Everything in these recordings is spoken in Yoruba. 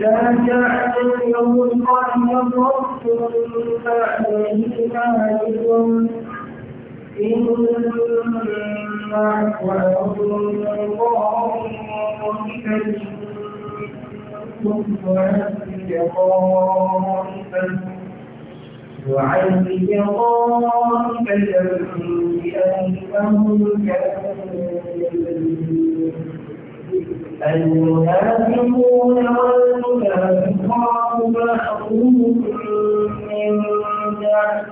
لا تعتذروا قد نضرتم بعد إيمانكم إن عفوكم الله كريم ويهدي طائفة وعن طائفة بأنهم المنافقون والمنافقات بعضهم من بعض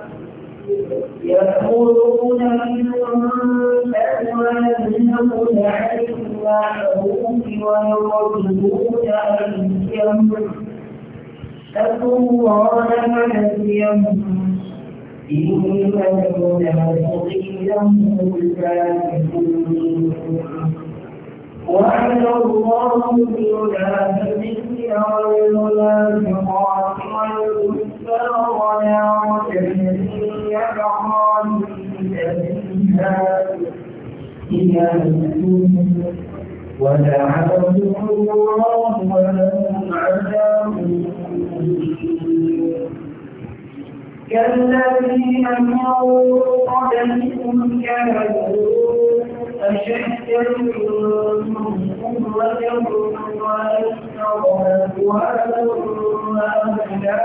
يأمرون بالأموال عن المعروف ويقبلون أيديهم اتقوا الله فنسيهم وعلى الله المنافقين والمنافقات والكفار والمعتدين يقعون في سبيل الله إلى ولعنهم الله ولهم عذاب كالذين من قبلكم كانوا أشد منهم قوة وأكثر أموالا وأولادا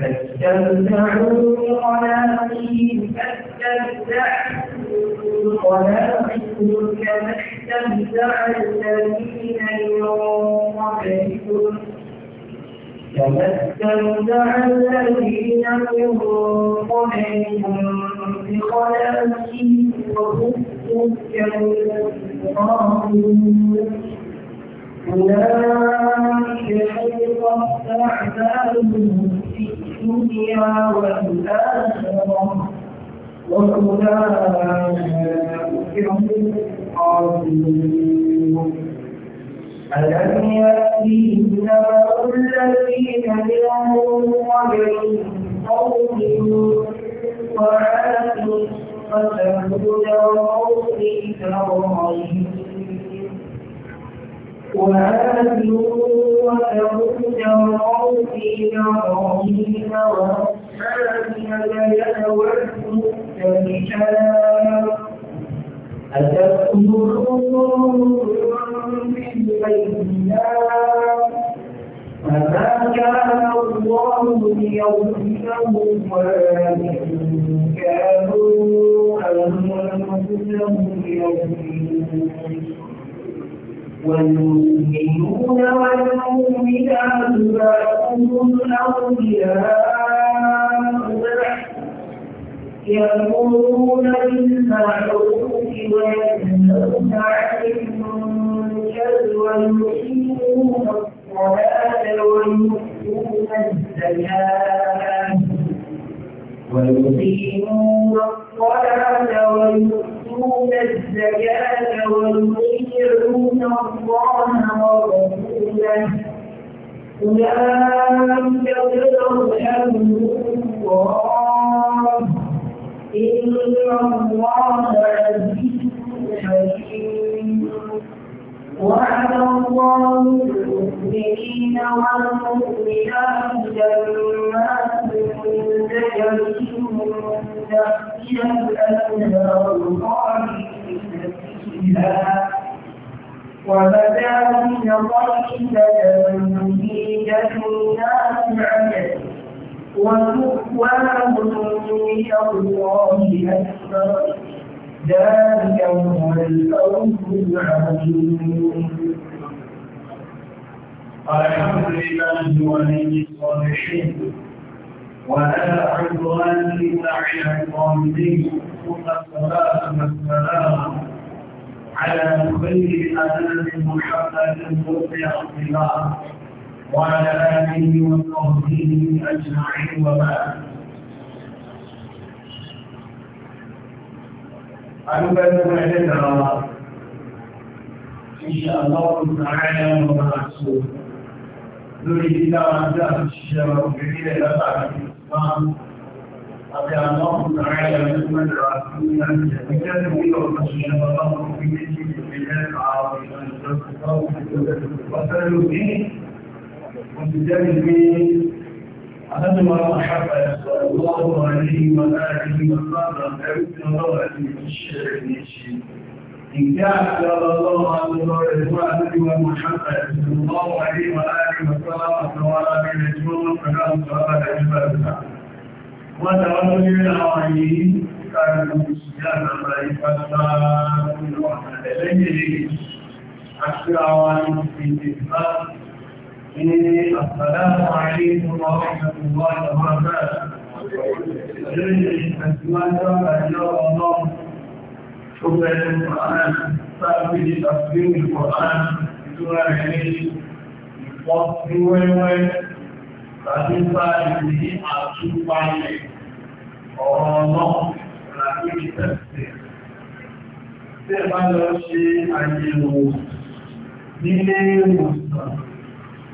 فاستمتعوا بخلاقهم فاستمتعوا بخلاقهم كما استمتع الذين من قبلكم كما استمتع الذين من قبلكم بخلاقهم وخذتم كما أولئك حيطت أعمالهم في الدنيا والآخرة وأولئك هم الخاسرون ألم يأتهم نبأ الذين من قبلهم قوم وعاد وثمود وقوم إبراهيم وعاد وثمود وقوم إبراهيم وأصحاب اليأس والمؤتفكات أتأمرون بالبينات فما كان الله ليظلمهم ولكن كانوا أنفسهم يظلمون والمؤمنون والمؤمنات بعضهم أولياء يأمرون بالمعروف وينهون عن المنكر ويقيمون الصلاة ويؤتون الزكاة ويقيمون الصلاة ويؤتون الزكاة ويطيعون الله ورسوله أولئك يرحمهم الله إن الله عزيز حكيم وعد الله المؤمنين والمؤمنات جنات تجري من تحتها الأنهار خالدين فيها ومدائن طيبة في جنات عدن ورضوان من الله أكبر ذلك هو الفوز العظيم الحمد لله ولي الصالحين ولا عدوان الا على الظالمين ثم الصلاه والسلام على خير ادم محمد رضي الله وعلى اله وصحبه اجمعين وبعد أنبنوا لنا إن شاء الله تعالى ومعصوم نريد إلى أعداء الشجرة ونريد إلى بعد الإسلام أطيع الله تعالى لكم العاصمين وكانوا يوم الشجرة في نجم البلاد العربية وسلوا به وسلوا به أنما محبة صلى الله عليه وآله وسلم أبنى رأتي الشيخ نشي إن كان صلى الله عليه وآله محبة صلى الله عليه وآله وسلم سوالا من الجنة فلهم صلاة جبالنا وتولي العوانين كان سبحان الله فالله الوحيد إليه أشكر عوانين في الإسلام السلام عليكم ورحمة الله وبركاته lórí àtiwájọ́ àjọ ọlọ́run tó bẹ̀rẹ̀ Kọ̀án sáàbí di tàbí Kọ̀án ìtura rẹ̀ ní ìpọ́ sí wẹ́wẹ́ tàbí sáàbí ní àtúpalẹ̀ ọ̀rọ̀ ọlọ́run tàbí ìtẹ̀sẹ̀. Tẹ́ bá lọ ṣe àyẹ̀wò nílé ìwòsàn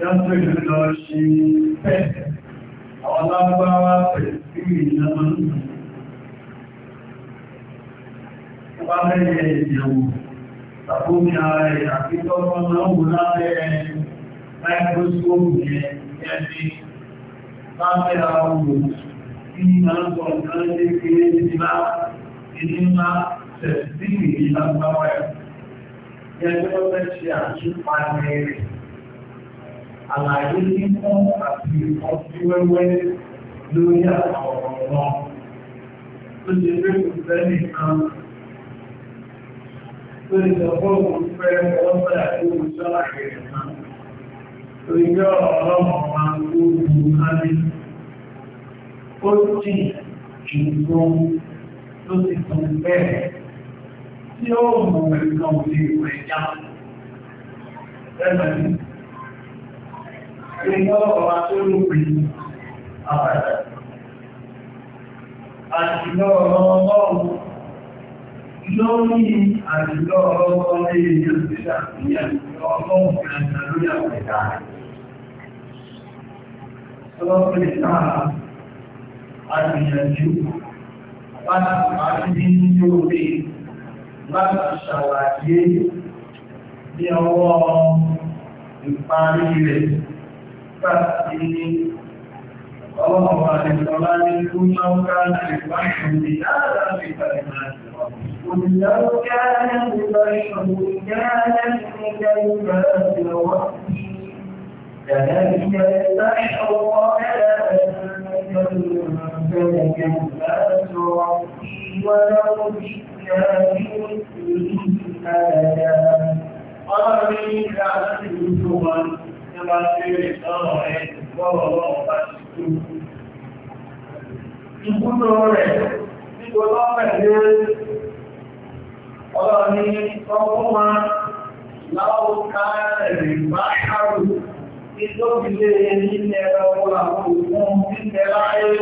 yàtọ̀ ìlọ ṣe pẹ́ àwọn lágbára pẹ̀ ìjọba bá lẹ́yẹ ìyẹ̀wò tàbí ara àti tọ́rọ náà lábẹ́ microscope yẹn ẹni lábẹ́ ara tí máa ń sọ nǹkan lé kéré nílá ìnílá àlàyé nínú àti ọtí wẹ́wẹ́ lórí àwọn ọ̀rọ̀ náà. Ó ṣe pé kò sẹ́nì kan tó lè sọ pé òun fẹ́ ọ̀sẹ̀ àti òṣìṣẹ́ àgbẹ̀rẹ̀ náà. Torí pé ọlọ́run máa ń tó bu kálí. Ó jì jù gan ló ti tún bẹ́ẹ̀ tí ó mú ẹ̀kan òde ìwẹ̀ já. Bẹ́ẹ̀ ni Iná ọba tó ló pè ní àpàdà. Àjùlọ ọ̀rọ̀ ọlọ́run lórí àjùlọ ọ̀rọ̀ ọlọ́run lè yóò ti ṣàfihàn ọlọ́run kẹta lórí àpẹta. Ọlọ́run lè sáà àgbìyànjú láti pàdé ní orí láti ṣàlàyé ní ọwọ́ ìparí rẹ̀. فأتي الله عليه وسلم قل لو كان البحر مدادا بكلمات قل لو كان البحر مدادا بكلمات ربي كذلك البحر قبل أن تنفذ كلمات ربي ولو جئنا بمثله قال من كعبه tó bá bèèrè lọ́rọ̀ rẹ̀ gbọ́rọ̀ lọ́rọ̀ bá ti tó. Ìgbúdó rẹ̀ nígbò lọ́pẹ̀lẹ́ ọ̀rọ̀ ni ọkọ́ máa láwọ́ ká ẹ̀rẹ̀ bá ṣàrù nítorílé nílẹ̀ ẹ̀rọ àwọn òkun nílẹ̀ láyé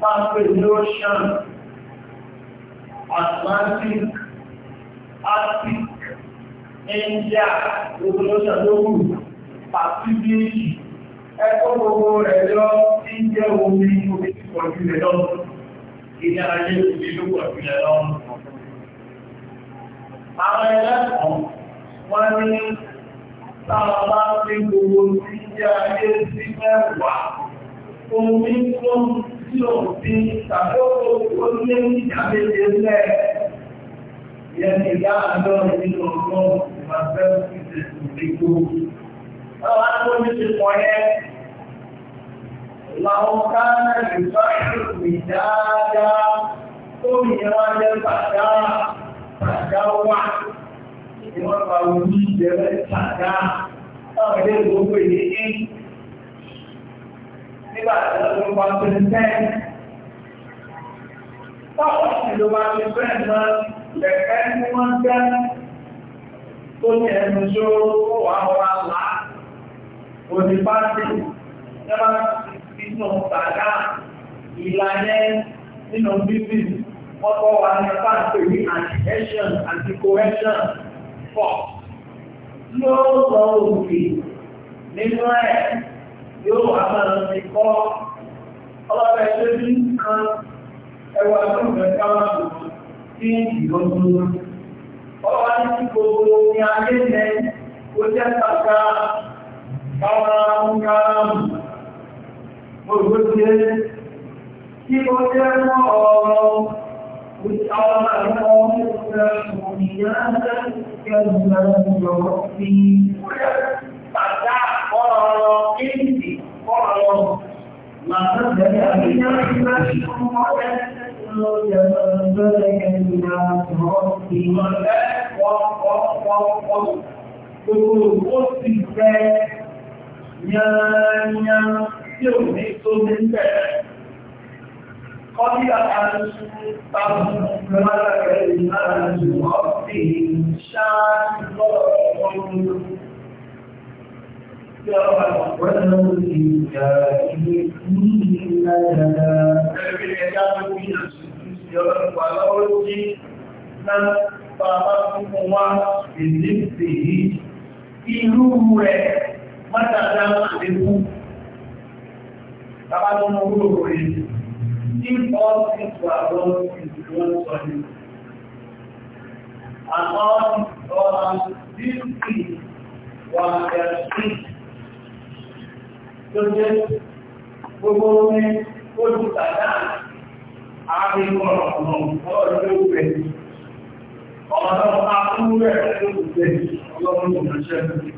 pàpẹ̀ lóṣàn Atlantic Arctic India gbogbo lóṣàn lókùn àti bí ẹkọ́ gbogbo rẹ̀ lọ tí ń jẹ́ omi omi ti pọ̀ rẹ̀ lọ́nà ìní ayé omi ló pọ̀ rẹ̀ lọ́nà. Àwọn ẹlẹ́kọ̀ọ́ wọ́n ní táwọn bá ń gbogbo tí ń jẹ́ ayé sí mẹ́wàá omi tó ń tí ò sí tàbí ó lé ní ìdàméjì lẹ́ Ìyẹn ìyá àádọ́rin nínú ọgbọ́n ìgbàfẹ́ ìṣẹ̀sùn ìgbòho. Àwọn akọ́ni ti pọ̀ yẹn. Làwọn káàmà ìgbà ìgbì dáadáa tó yẹ wá jẹ́ bàdá bàdá wà. Ìwọ́n bá wù ní ìjẹ́rẹ́ bàdá. Táwọn ilé ìgbòho èdè ní. Nígbà tí wọ́n bá ti ń tẹ́. Táwọn ìjọba ti bẹ́ẹ̀ náà lẹ̀kẹ́ ní wọ́n jẹ́. Tó ní ẹnu tó wà wà láà òní pàṣẹ ẹ̀rọ nínú bàdá ìlànà nínú bíbí ọkọ̀ wa ní pàṣẹ ní anti-action anti-correction force yóò sọ òkè nínú ẹ̀ yóò wà máa ti kọ́ ọlọ́pàá ẹgbẹ́ bí kan ẹwà tó ń bẹ̀ẹ́ káwọn àgbò tí ìgbọ́gbọ́n ọlọ́pàá ní gbogbo ní ayé yẹn ó jẹ́ pàtàkì káàmù olùgbòsílẹ̀ jẹ́ yányá tí ò ní tó ní bẹ̀rẹ̀. Kọ́lí àtàlùsù tábùn lára rẹ̀ lára jù ọ́fì ṣáájú lọ́rọ̀ ọdún. Yọ́wà pẹ̀lú ìjà ilé ní ìlànà ẹgbẹ̀rẹ̀ ẹgbẹ̀rẹ̀ ẹgbẹ̀rẹ̀ ẹgbẹ̀rẹ̀ ẹgbẹ̀rẹ̀ ẹgbẹ̀rẹ̀ mọ́tàdá àdékù bàbá tó mọ owó rẹ̀ tí all things were done in the one study and all all these things were their feet tó jẹ́ gbogbo omi ó ti tàdá àríkọ̀ ọ̀nà ọ̀rọ̀ ìgbẹ́ ọ̀nà àkúrẹ́ ìgbẹ́ ọlọ́run ìgbẹ́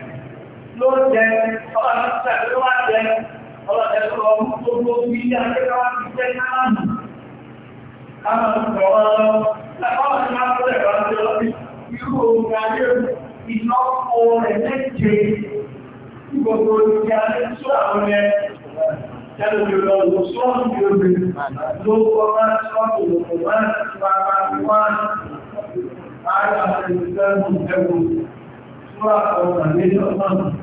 ló jẹ ọlọ́run tẹ̀ ló wá jẹ ọlọ́run tẹ̀ ló lọ gbogbo ilé akẹ́kọ̀ọ́ wá ti jẹ́ káàmù káàmù ọ̀rọ̀ ọlọ́run tí wọ́n fún ẹ̀rọ àti ọlọ́run irú ohun ayé iná kọ́ rẹ̀ méje tí gbogbo ìdí alẹ́ tó àwọn ẹ̀ Jẹ́lùmí lọ́wọ́ sọ́ọ̀nù yóò rí lóòkọ́ máa sọ́ọ̀nù lòkò máa ti wá pàtàkì wá ààrẹ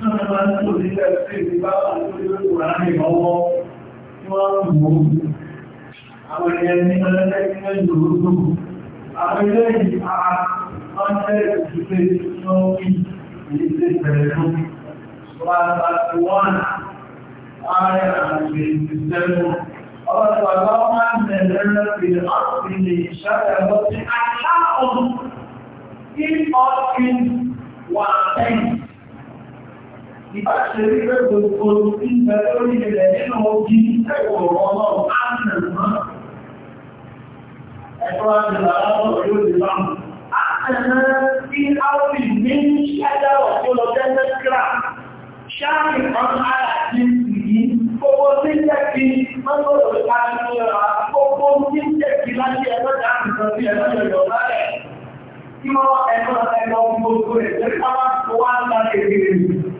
Náà máa ń tó ní ẹ̀sẹ̀ ìgbà àti orílẹ̀-èdè àárín one ìbáṣẹ̀rí ẹgbẹ́ dáàbùkan sí ẹgbẹ́ yọ̀ lálẹ̀. Kí wọ́n ẹgbẹ́ ẹgbẹ́ gbogbo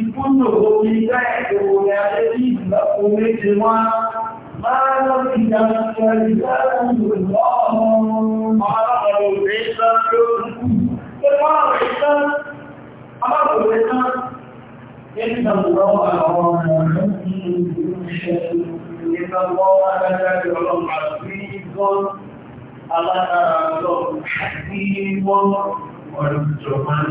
ìfúnnù omi láìpẹ̀wò ní alẹ́ ní ìgbàkú méje wá máa lọ sí ìdájọ́ ìdájọ́ ìlọ́ọ̀rùn ọ̀rọ̀ ìgbésọ́ tó kú. إن الله أرانا من شيء إن الله لا يعلم عزيز ألا أعلم حكيم ورجمان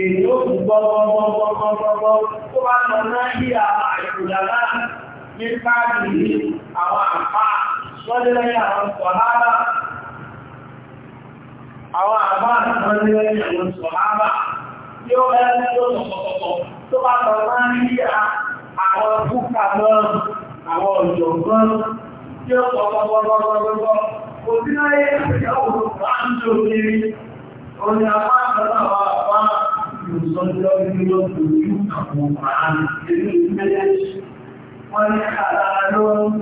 èyí ó gbọ́ gbọ́gbọ́gbọ́gbọ́ tó bá lọ náà yí àwọn àìkùdàlá ní káàkiri àwọn àpá lọ́dẹ́lẹ́yìn àwọn sọ̀hábà àwọn àpá lọ́dẹ́lẹ́yìn àwọn sọ̀hábà tí ó bẹ́ẹ̀ tí ó sọ̀pọ̀pọ̀ tó bá olùsọ́jọ́ nílò lójú àwọn àmì nínú ìgbéyàjì. Wọ́n ní àlá ló ń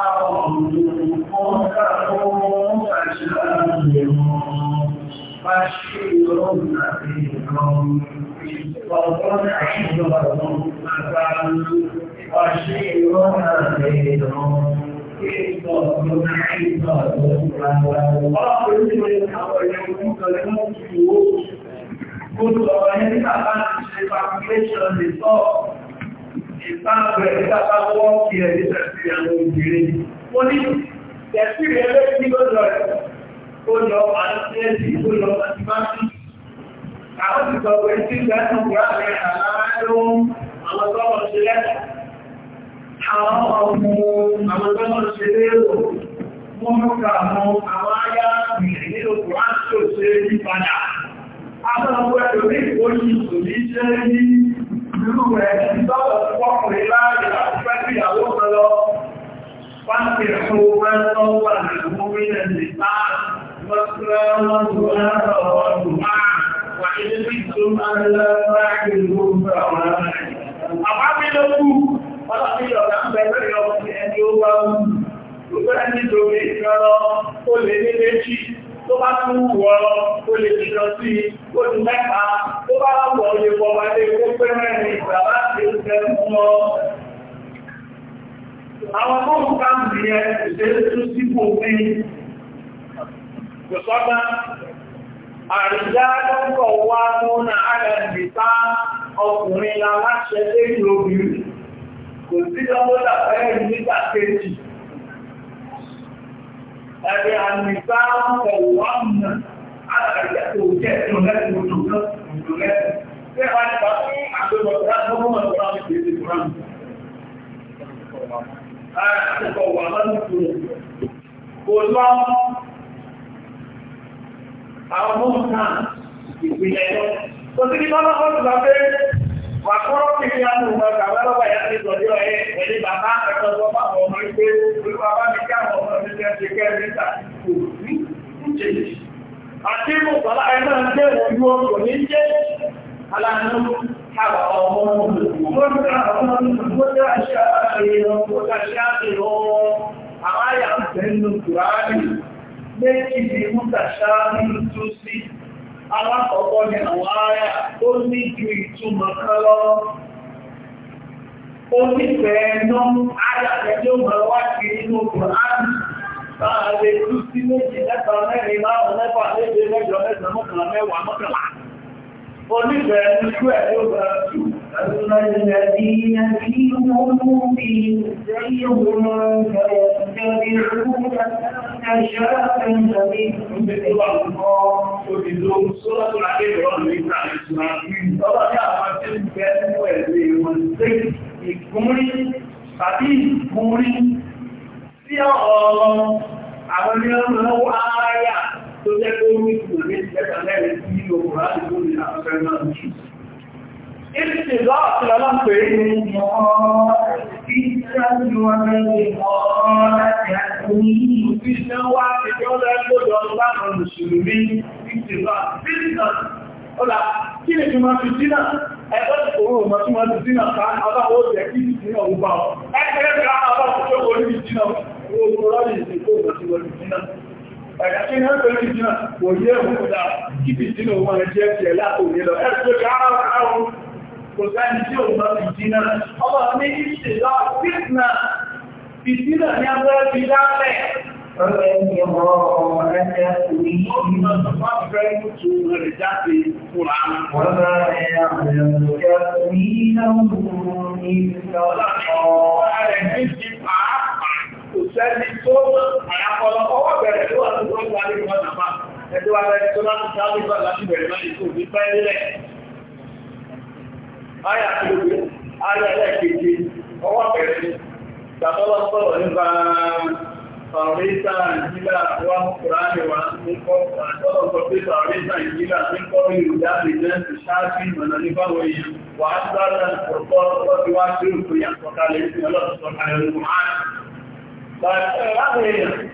àwọn ọ̀dùnkún kan káàkó wọn kàṣí láàrin wọn. Bá ṣe ìrọ̀rùn àti ìrọ̀rùn ọgbọ́n àti ìrọ̀rùn agbára. Bá ṣe ìrọ̀rùn àti ìrọ̀rùn. Ìgbọ̀gbọ̀n àìsàn àti ìgbàgbọ́. Wọ́n á pèsè àwọn Go to our head advantage, the population of the top. Ìtàgbẹ̀ ìtàgbà wọ́ọ̀kì ẹ̀ ní ṣẹ̀sìrì àwọn obìnrin. Wọ́n ní ṣẹ̀sìrì ẹlẹ́sìn lọ́dọ̀ ẹ̀. Ó lọ àti ẹ̀sìn, ó lọ àti máa ń Àwọn ìgbàgbọ́ ìsìn ìgbàgbọ́ ìgbàgbọ́ ìgbàgbọ́ àwọn tọ́lọ̀ ṣe lẹ́tọ̀. Àwọn ọmọ àwọn tọ́lọ̀ ṣe lérò, wọ́n mú ká àwọn àwọn ayá ìrìnlẹ́ òkú á tó ṣe yípadà. Àwọn ẹlòmí orí ìtòlí jẹ́ ní irú ẹ̀ ìtọ́lọ̀ pọ́kùnrin láàrin àti pẹ́ sí ìyàwó kan lọ. Wọ́n ti ẹ̀kọ́ wọn lọ́wọ́ wà ní gómìnà lè bá mọ́sílẹ̀ wọn tó lára ọ̀rọ̀ máa wà ní bí tó máa tó bá tún wọ́ ó lè jìnà sí oṣù mẹ́ta tó bá wọ́ ó lè wọ́ wálé ó pé mẹ́rin ìgbà láti ṣe fún ọ. Àwọn tó ń ká nìyẹn ṣe é tún sípò bí kò sọ́gbá. Àrídá lọ́pọ̀ wá múnà àrẹ̀bìtá ọkùnrin la láṣẹ lé obìnrin. Kò sí lọ́wọ́ dàbẹ́ nígbà kejì ẹgbẹ́ àmìfà ọ̀wọ́nà alágbàjẹ́tò jẹ́ ìrọ̀lẹ́tò òjò ìrọ̀lẹ́tò. Ṣé wá nípa fún àgbẹ̀bọ̀tà gbọ́mọ̀ ọ̀rọ̀ àti ìdíje ìrọ̀lẹ́tò? Àṣẹ́kọ̀ wà lọ́nà kò lọ àwọn mọ́ta ìpìlẹ̀ lọ. Kò sí ní bọ́lá Wàkúrò ti fi àwọn ọmọ bàbá lọ́wọ́ ìyá ti sọ̀dí ọ̀yẹ́ pẹ̀lú bàbá ẹ̀kọ́ tó bá wọn ọmọ ìgbé olúwa bá mi ká àwọn ọmọ mi jẹ́ ti kẹ́ mi ta kò ní ìjèlè. Àti mú bàbá ẹ náà jẹ́ ìwọ̀n yóò kò ní ọmọ olùkọ́ alákọ̀ọ́kọ́ ní àwọn ará tó ní ju ìtumọ̀ kan lọ. Ó nífẹ̀ẹ́ náà ájàfẹ́ tí ó mọ̀ wá sí inú Kùránì. Báà lè tú sí méjì mẹ́ta mẹ́rin márùn-ún mẹ́fà léde onífẹ̀ẹ́ nígbó ẹ̀ tó bá jù الذين في قلوبهم زي فيتبعون تشابه منه سورة العليم والعليم الإسلامي طبعا يا أفاتيل كان هو الزيت يكوني tàbí ìkúrí sí ọ̀rọ̀ àwọn ilé ọmọ wáyà tó jẹ́ pé ó ní ìgbìmọ̀ ní ìjẹta lẹ́rin sí okùnrin àdúgbò ní àfẹ́ náà ní. Ìsìn lọ́ọ̀tí lọ́lọ́pẹ̀ ní mọ́ sí ìṣẹ́jú wọn ní mọ́ láti àkúrí. Ìṣẹ́ wá ti jọ́ lẹ́gbọ́dọ̀ láàrín Mùsùlùmí, ìsìn lọ́ọ̀ Kí ni kí máa fi dínà? Ẹgbẹ́ ìṣòro ọmọ tí máa fi dínà ká aláwọ̀ òjẹ̀ kí ìdínà ọgbà ọ̀. Ẹgbẹ́ ìṣòro ọmọ tí máa fi dínà ẹ̀yàkí ní ọ̀tọ̀ ìjì náà wò yé òkúta kíbi sínú wọn ẹjẹ́ ti ẹ̀lá tó ní lọ ẹ̀sùn kí ara àwọn kò sáyẹn tí ó mọ́ ìjì náà ọmọ ní ìṣe lọ fitna ìjì náà ní abẹ́ fi dálẹ̀ Ọ̀rẹ́ ni ọmọ ọmọ ẹgbẹ́ òní. Ó ti máa tọ́pá fẹ́ mú tó rẹ̀ jáde fúra. Wọ́n bá ẹ̀ àwọn ẹ̀rọ ìjọ kò sẹ́ni tó àyàkọ́lọ́ ọwọ́ bẹ̀rẹ̀ tó wà tó wọ́n wà nínú ọ̀nà máa ẹjọ́ wa rẹ̀ tó láti sáré gbà láti bẹ̀rẹ̀ láti kò ní pẹ́ nílẹ̀. Ayà tó gbé ayà lẹ́ẹ̀kejì ọwọ́ bẹ̀rẹ̀ ni ìgbàtọ́lọ́ sọ̀rọ̀ nípa Fàwọ́rẹ́sà ìjìlá wa Kùránì wa ní kọ́ àtọ́lọ̀ sọ pé Fàwọ́rẹ́sà ìjìlá ní kọ́ ní ìrùdáàbì jẹ́ ìṣáájú ìmọ̀nà ní báwo èèyàn wà á sára ọ̀pọ̀ ọ̀pọ̀ tí wá sí òkú yàtọ̀ kalẹ̀ ìpínlẹ̀ ọ̀sán àìrùn ààrùn láàrin èèyàn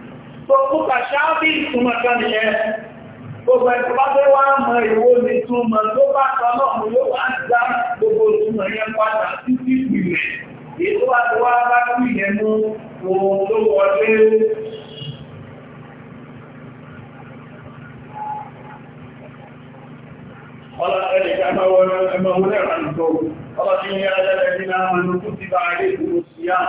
tó púpà ṣáàbí ìtumọ̀ kan nìyẹn gbogbo ẹ̀kọ́ bá fẹ́ wá mọ ìwó ní túnmọ̀ tó bá kan náà mú yóò wá dá gbogbo ìtumọ̀ yẹn padà títí ìpìlẹ̀ èyí tó wá ti wá bá kú ìyẹn mú ohun tó wọlé قال ذلك أما هو أما هو نعم الزوج قال إني على الذين آمنوا كتب عليكم الصيام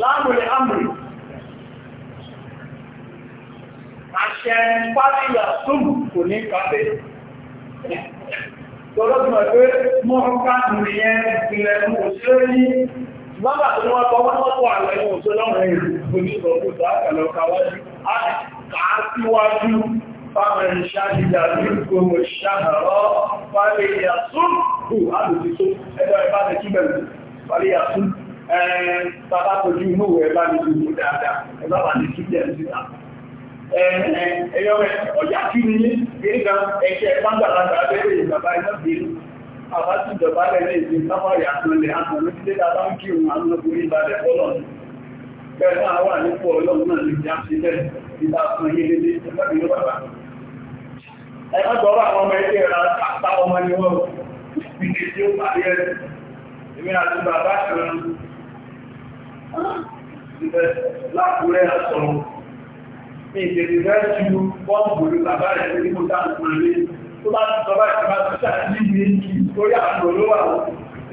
láàmùlẹ̀ àmùlẹ̀ àṣẹ pàtíyà súnmù kò ní kàfẹ́ tọ́lọ́gbọ̀n pé mọ́ọ̀ká nìyẹn ìpìlẹ̀ òṣèré ní bábà tó wọ́n tọ́ wọ́n tọ́ àwọn ẹ̀yìn òṣèlọ́rùn Fáwọn ìṣáàdìdà ní gbogbo ìṣàmàrọ́, fàílẹ̀ ìyàsùn, bù, àdùsí tó, ẹgbẹ́ ìbáṣẹ̀ kíbẹ̀rẹ̀, fàílẹ̀ ìyàsùn, bàbá kojú inú rẹ̀ bá ní ìlú dáadáa ẹgbà bá ní kíkẹ́ síta ẹ̀yọ́ ọjà kí ni gẹ́gà ẹ̀ṣẹ́ pàǹdàlàgbà abẹ́rẹ́ ìbàbá iná bèèrè bàbá tí ìjọba lẹ́lẹ́ àtúnlẹ̀ àtúnlẹ̀ tí ń kí òun bẹ́ẹ̀ náà wà ọlọ́run náà lè bẹ́ẹ̀ ìgbà yé lé lé ẹgbẹ́ lákùúrẹ́ àṣọ ní ìdèrè rẹ̀ ju bọ́ọ̀bùrù bàbá rẹ̀ ní mo dá nǹkan lé tó bá ti sọ́bà tí bá ti ṣàtìlì ní èjì lórí àpò ló wà ó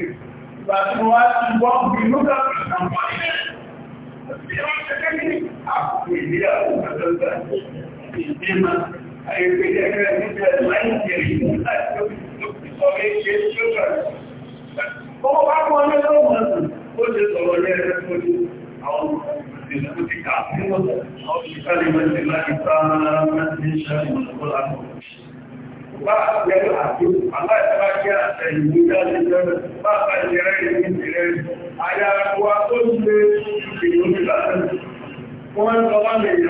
ìgbà tí mo wá ti bọ́ọ̀bù inú ká àwọn ilé tí wọ́n ṣe kékeré àpò ìgbéyàwó àtọ́gbà ìgbéma àìgbéjẹ́gbẹ́ níbi ẹ̀ láì jẹ́ ìgbésà tó ti sọ Bọ́kọ́ bá kọ́ ní ọjọ́ ọmọdún, ó ṣe sọ̀rọ̀ ní ẹgbẹ́ tó ní àwọn ìsìnkútíkà tí wọ́n ṣìkálẹ̀ mẹ́sìn láti sáà mẹ́sìn ṣẹ́lẹ̀ mọ́sọ́lá. Bá pẹ̀lú àti aláìsá jẹ́ àṣẹ ìlú jáde jẹ́rẹ̀, bá pẹ̀lú ẹ̀rẹ́ ìrìnlẹ̀ ayá wa tó ṣe ìlú ìlànà. Wọ́n ń lọ wá lè yẹ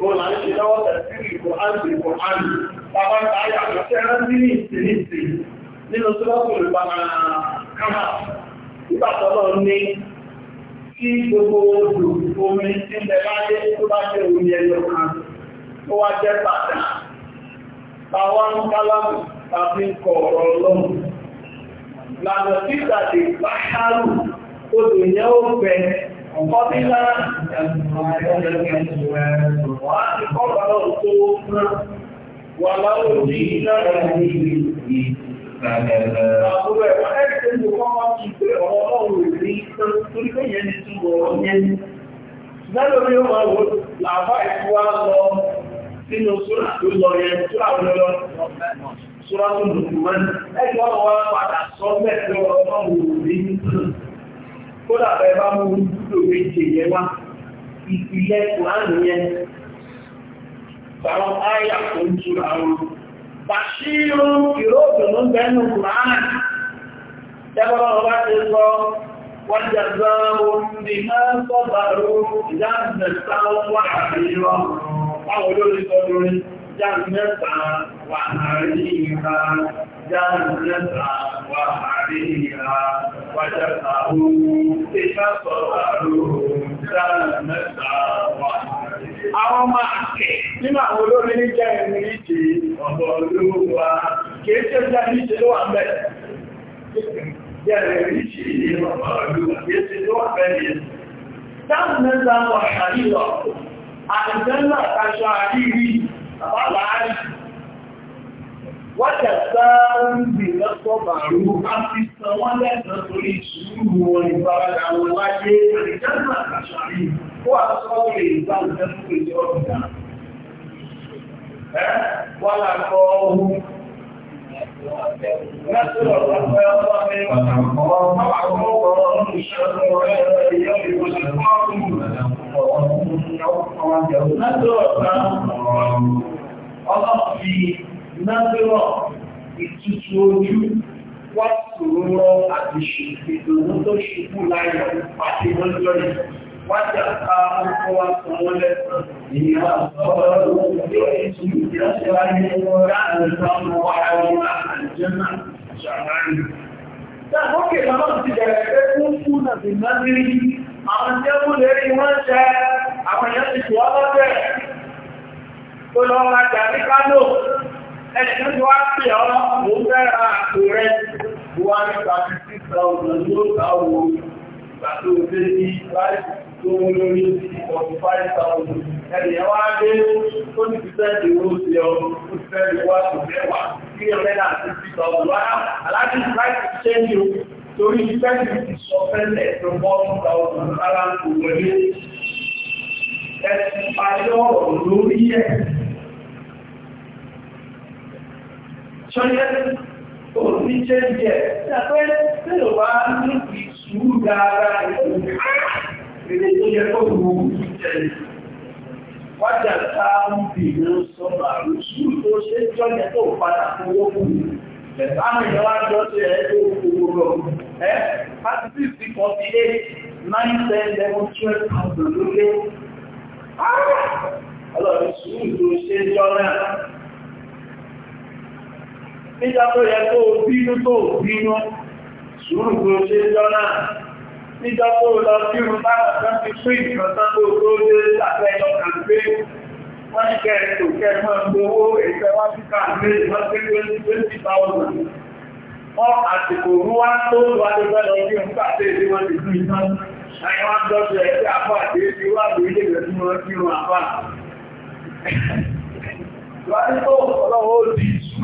Mo là ń ṣe lọ́wọ́ tẹ̀sílì kámà. Nígbà ní kí gbogbo odò omi tí ń tó bá jẹ́ omi ẹyọ kan tó wá jẹ́ ń tàbí kọ̀ ọ̀rọ̀ Lànà قبل ولو جئنا به Àwọn ẹ̀fà ẹ̀kẹ́ ìlú kan máa ti pé ọlọ́run rí torí pé yẹn ni túbọ̀ yẹn. Lẹ́lò ní ọmọ ìwò làbá ìfúwá lọ sínú súrà tó lọ yẹn súrà lọ súrà kódà bẹ́ẹ̀ bá mú dúdò méje yẹn wá ìpìlẹ̀ kùránì yẹn àwọn àyà tó ń tura wọn bàṣírò ìró òdòdó bẹ́ẹ̀nu kùránì tẹ́gbọ́n ọba ti sọ wọ́n jẹ́ sáwọn ní máa sọ́bàrú ìdáàbò sáwọn wà جنة وحريرها وجزاهم بما صبروا جنة Àwọn ọmọ àkẹ́ nínú àwọn olórin ní jẹ́ ìrìn ìjì ọ̀bọ̀ olóòwà kìí tí ó jẹ́ ìjì ló wà mẹ́. Jẹ́ ìrìn ìjì ní ọ̀bọ̀ kìí tí ó wà mẹ́ ní. Táàmù mẹ́ta wà wájà sáà ń gbè lọ́pọ̀ bàrú bá ti san wọ́n lẹ́sàn torí ìṣúrù wọn ìfaradà wọn láyé àìjọ́nà àṣàrí kó àsọ́ọ̀rẹ̀ ìgbàlùfẹ́ fún èdè ọ̀gbà. ẹ wọ́n là kọ́ ọ́hún Nẹ́sùlọ̀ ọ̀pẹ́ ọmọ mi wà kọ́ ọmọ ọmọ ìṣẹ́lú ọ̀rẹ́ ìyọ́ ìwòsàn nábírọ̀ ìtutù ojú wá sòrò lọ àti ìdùnnú tó ṣubú láyọ̀ àti lọ́jọ́ yìí wá jà ká ọkọ̀ wa sọ wọ́n lẹ́sàn ìyá ọ̀rọ̀ yóò ètò ìdíyàṣẹ́ láyé láàrin ìdáhùn wàhálà wọn àjẹ́ náà ṣàlàyé. Dáàbókè lọ́nà ti bẹ̀rẹ̀ pé fún fún nàbì náà nírí àwọn tí ó lérí wọ́n ṣẹ́ àwọn èèyàn ti tù ọ́ lọ́bẹ̀. Ó lọ rajà ní Kánò ẹnìkan ti wá pè ọ́ mò ń fẹ́ ra àpò rẹ wá thousand ló ta owó ìgbà tó o dé five thousand ẹnìyàn wá dé tó ní ti fẹ́ ti wó sí ọ ó ti fẹ́ lè wá tó mẹ́wàá thousand wá aláàbí láìsí ṣé ní o torí ìfẹ́ ti sọ fẹ́lẹ̀ tó bọ́ two thousand rárá kò wọlé ẹ̀sùn ayọ̀ lórí ẹ̀. ṣọ́yẹ́ ò ní jẹ́ jẹ́ ṣàpẹ́ tí ò bá ní ìṣúrù dáadáa ìrìn tó yẹ kó wù jẹ́lẹ̀ wájà táàmù ìrìn sọ́bà ìṣúrù tó ṣe jọ́jẹ́ tó padà fowó fún Àwọn ìjọba jọ ṣe ẹgbẹ́ òkúrò ẹ́ 36, 48, 9, 10, 11, 12, 13, 14. Ọlọ́run sùúrù tó ṣe jọ náà nígbà tó yẹ tó bínú tó bínú sùúrù tó ṣe jọ́nà nígbà tó lọ sí irun táwọn ti pín ìkọ̀tán tó tó dé lábẹ́ ọkàn pé wọ́n ní kẹrin tó kẹfọ́ gbowó ẹgbẹ́ wọ́n ti ká lé wọ́n pé twenty thousand wọ́n àsìkò mú wá tó wà ló fẹ́ lọ sí irun pàṣẹ ìdí wọn ti fún ìtàn àyẹ̀ wọn dọ́sẹ̀ ẹgbẹ́ àpá àti èdè wà lórí ilé ìrẹsì wọn sí irun àpá. Wọ́n ní tó ọlọ́wọ́ ó di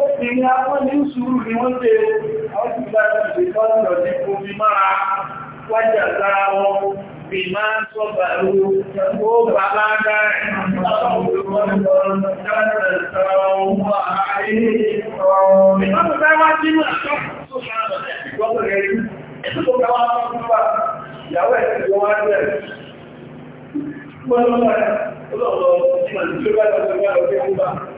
Obìnrin àwọn ní sùúrù ni wọ́n ṣe àwọn ìgbàlẹ̀ ìgbàlẹ̀ ìgbàlẹ̀ ìgbàlẹ̀ wájà lára wọn bí máa ń sọ́bà ló ó bá bá dára ìgbàlẹ̀ ìgbàlẹ̀ Gbọ́nà ọlọ́rọ̀ ọlọ́rọ̀ ìgbàlẹ̀ ìgbàlẹ̀ ìgbàlẹ̀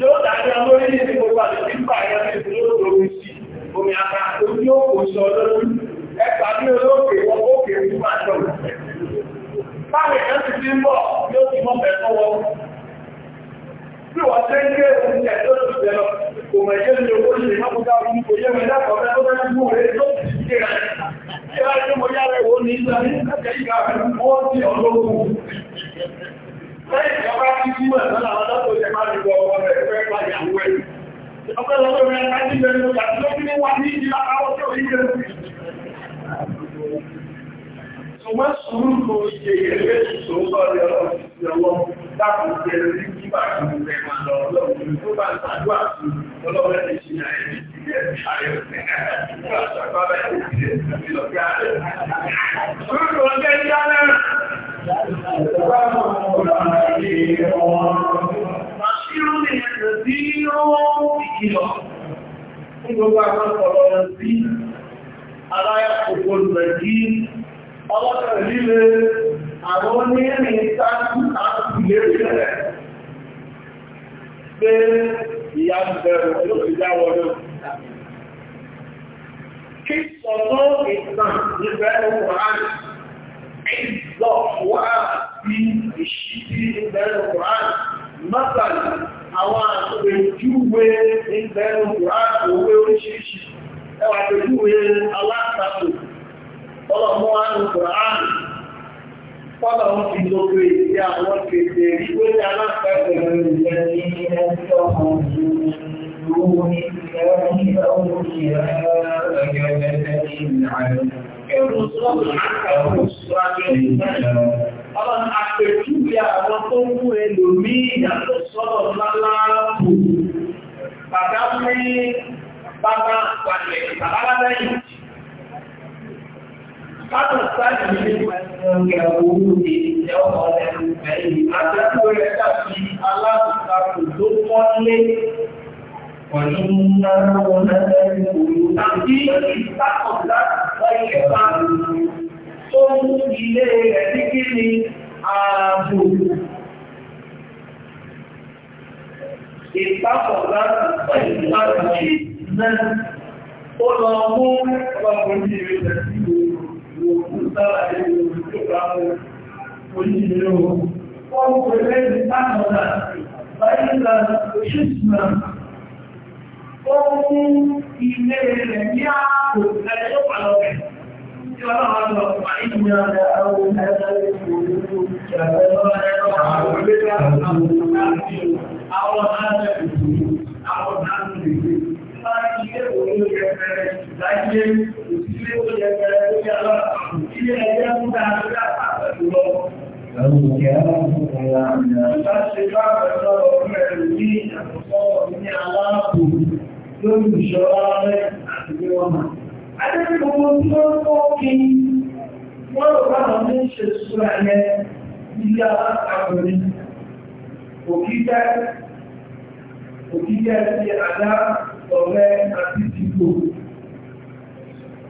yóò dájọ́ lórí ní ìdíkò pàdé nípa ẹ̀yọ́ ní ìdílé omi sí omi àkà ojú òkú sọ lórí ẹ̀pà ní olóòkè wọn òkè ní pàjọ. Báwo ìyá ti ti ń bọ̀ yóò ti mọ́ bẹ̀ fún wọn. Bí wọ́n ṣe ń gbé omi ẹ̀ tó ti bẹ̀ lọ, kò mọ̀ ẹ̀yẹ́ ni owó ṣe mọ́kúta omi kò yé mi lápọ̀ mẹ́ tó fẹ́ mú rẹ̀ tó ti ṣe rẹ̀. Ṣé wá ṣe mo yára ìwọ ní ìgbà Lẹ́yìn ọmọ rẹ̀ fẹ́ ṣe yẹ̀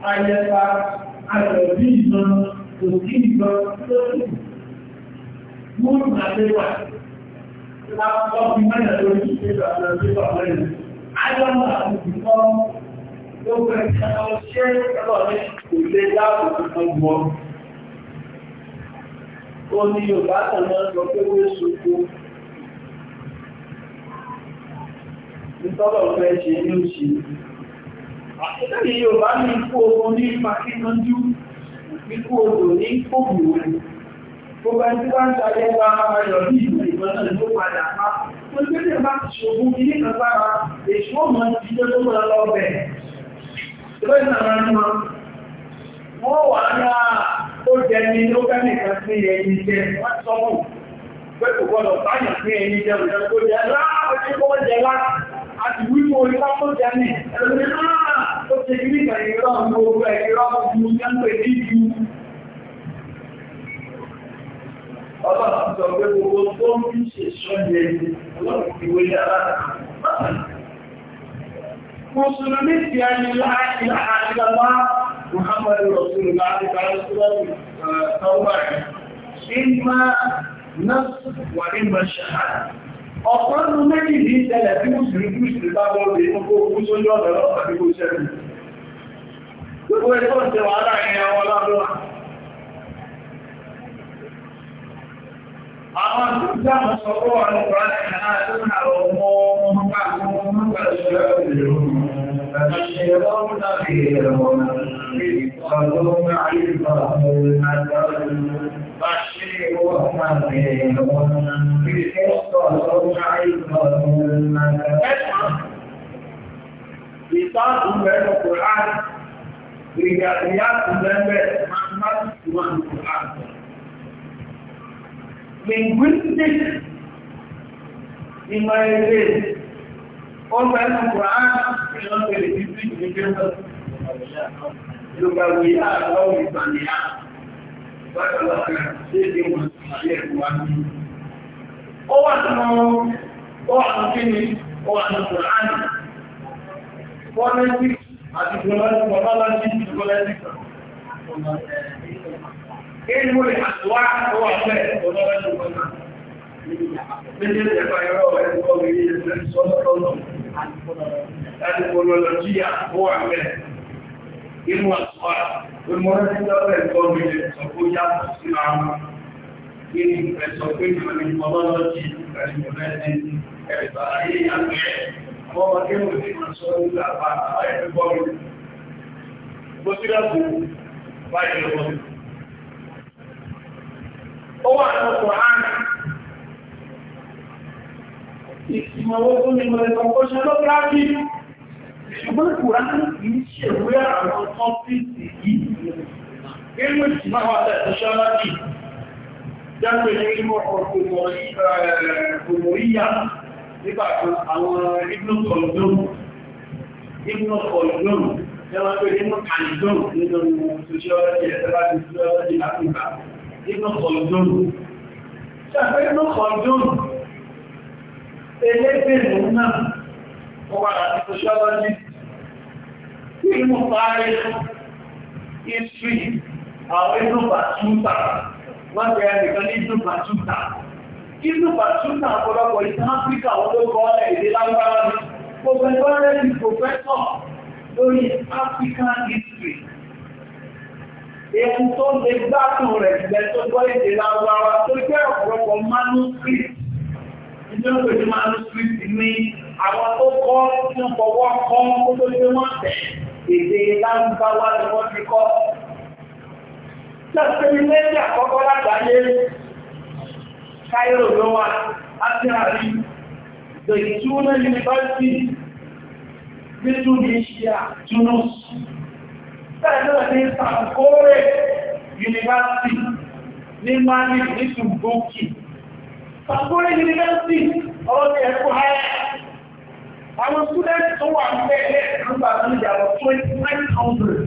ayẹta àjọ̀bí ìgbọ́n òkè ìgbọ́n lórí múlù àdéwà lápapọ̀ fi mẹ́rin lórí ìgbésà lórí ìgbàlẹ́yìn ayọ́nà àtìkọ́ gbogbo ẹ̀kẹ́ ọ̀ṣẹ́ ẹlọ́rẹ́ kò lè dáàbò ìgbọ́gbọ́ ó ní Yorùbá tẹ̀lé ọjọ́ pé wé sókó nítọ́lọ̀ fẹ́ ṣe ní òṣèlú Àtẹ́lẹ̀ yóò bá ní ikú ogun ní Pàkínánjú, ikú ogun ní Kóbù rẹ̀. Gbogbo ẹni wá ń ṣayẹ́ bá ayọ̀ ní ìlú ìgbọ́n náà ló padà pa. Wọ́n gbé lè bá ṣògùn ilé kan sára, èṣù ọmọ ti jẹ́ tó máa lọ bẹ̀. Ìlú ìsànà ni wọn. Wọ́n wà ní à ó jẹ ní ló fẹ́ nìkan sí ẹni jẹ, wọ́n sọ mọ̀. Pé kò gbọ́dọ̀ báyọ̀ sí ẹni jẹ, òjò tó jẹ láàá, ó ti kọ́ jẹ láàá. A ti wí mú orí lápò jẹ ní ẹlòmíràn. ó ṣe ní ìgbàlẹ́rọ̀ gbogbo ẹ̀rọ ju jẹ́ǹpẹ̀ ní ju ọlọ́run sọ pé gbogbo tó ń ṣe ṣọ́jẹ́ ọlọ́run ti wé yára Mùsùlùmí ti a ní láàrín àjọ́lá Muhammadu Rasulullah ti bá Rasulullah Tawbari. Ṣé máa náà wà ní Mọ̀ṣáà? ọ̀pọ̀ nínú méjì ní ìṣẹ̀lẹ̀ tí mùsùlùmí mùsùlùmí bá bọ́ọ̀lù inú kó kú sójú ọ̀nà lọ́pàá bí kó ṣẹ́kù gbogbo ẹgbẹ́ ọ̀sẹ̀ wàhálà ẹ̀yìn àwọn ọlọ́dọ́wà àwọn àtúntà mọ̀ sọ pé wà ní ọ̀rọ̀ ẹ̀yìn náà tó ń àwọn ọmọ ọmọ bá àwọn ọmọ bá ṣẹlẹ̀ ọ̀rọ̀ ẹ̀yìn Ìtàkùn mẹ́rin Kùránì, ìgbàdìyàtù mẹ́rin Mathematics 1 Kùránì. Linguistics, ìmọ̀ èdè, ó mẹ́rin Kùránì, ìlọ́pẹ̀lẹ̀ títí ìgbẹ̀gbẹ̀ Ó wà nínú ọ̀hún kí ni ó wà nínú Kùránì, politics àti pọ̀lọ́lọ́jì politics. Kéèlú rẹ̀ àtúwá ó wà fẹ́ pọ̀lọ́lọ́jì politics. Méjì ẹ̀fà ẹ̀rọ ẹ̀kọ́ mi ní ẹ̀sẹ̀ sọ́lọ́lọ́lọ́ inú àtúwà ìmọ̀lẹ́sílẹ̀ ẹ̀kọ́ mi ẹ̀sọ̀ kó yàtọ̀ sí máa mú ní ẹ̀sọ̀ pé ìrìn ọlọ́lọ́jì ìrìnlẹ́sìn ẹ̀bà ayé yàtọ̀ ẹ̀ àwọn ọmọdé ò ní máa sọ nígbà bá ẹ̀ẹ́gbọ́ mi bó sí lọ́pù báyìí lọ́wọ́ ó wà lọ́pọ̀ àárín ìsìnmọ̀wó fún ìmọ̀lẹ́sọ̀kọ́ṣẹ́ lọ́pọ̀ ṣùgbọ́n kùránì kìí ṣèwé àwọn tọ́pìtì yìí nínú ìsìnmọ́ àwọn àtẹ̀sọ́ṣọ́lọ́jì jáde ní ìmọ̀ ọ̀pọ̀lọpọ̀ nígbà àwọn ìgbókọ̀lọ́gbọ̀n ìgbókọ̀lọ́gbọ̀n yẹ́wọ́n pé nínú àìgbọ̀n nínú ṣoṣọ́lọ́jì ẹ̀sẹ́lá ti ṣoṣọ́lọ́jì láti gbà ìgbókọ̀lọ́gbọ̀n ṣàfẹ́ ìgbókọ̀lọ́gbọ̀n ẹlẹ́gbẹ̀rún náà wọ́n wà láti ṣoṣọ́lọ́jì Ilmu tarikh, history, àwọn inú bàtúntà, wọ́n bẹ̀rẹ̀ nìkan ní inú bàtúntà. Inú bàtúntà ọ̀pọ̀lọpọ̀ ìtàn Áfíríkà wọ́n ló kọ́ ọ̀lẹ̀ èdè lágbára ní. Gbogbo ẹgbẹ́ ní pòfẹ́sọ̀ lórí African history. Ewu tó lè gbádùn rẹ̀ gbẹ́ tó gbọ́ èdè lágbára tó jẹ́ ọ̀pọ̀lọpọ̀ manuscript. Ìjọ́ ìpèsè manuscript ní àwọn tó kọ́ tí wọ́n fọwọ́ kọ́ kó tó gbé wọ́n tẹ̀ èdè lárúbáwá ni wọ́n ti kọ́. Lọ́sẹ̀ ní méjì àkọ́kọ́ lágbàáyé, Cairo ló wà, Ásíàrí, The Tuna University, Tunisia, Tunis. Bẹ́ẹ̀ ní Sankore University ní Mali ní Tumbuki. Sankore University, ọ̀rọ̀ ni Àwọn students tó wà ní ẹgbẹ́ nígbà tó ń yàwó twenty nine hundred.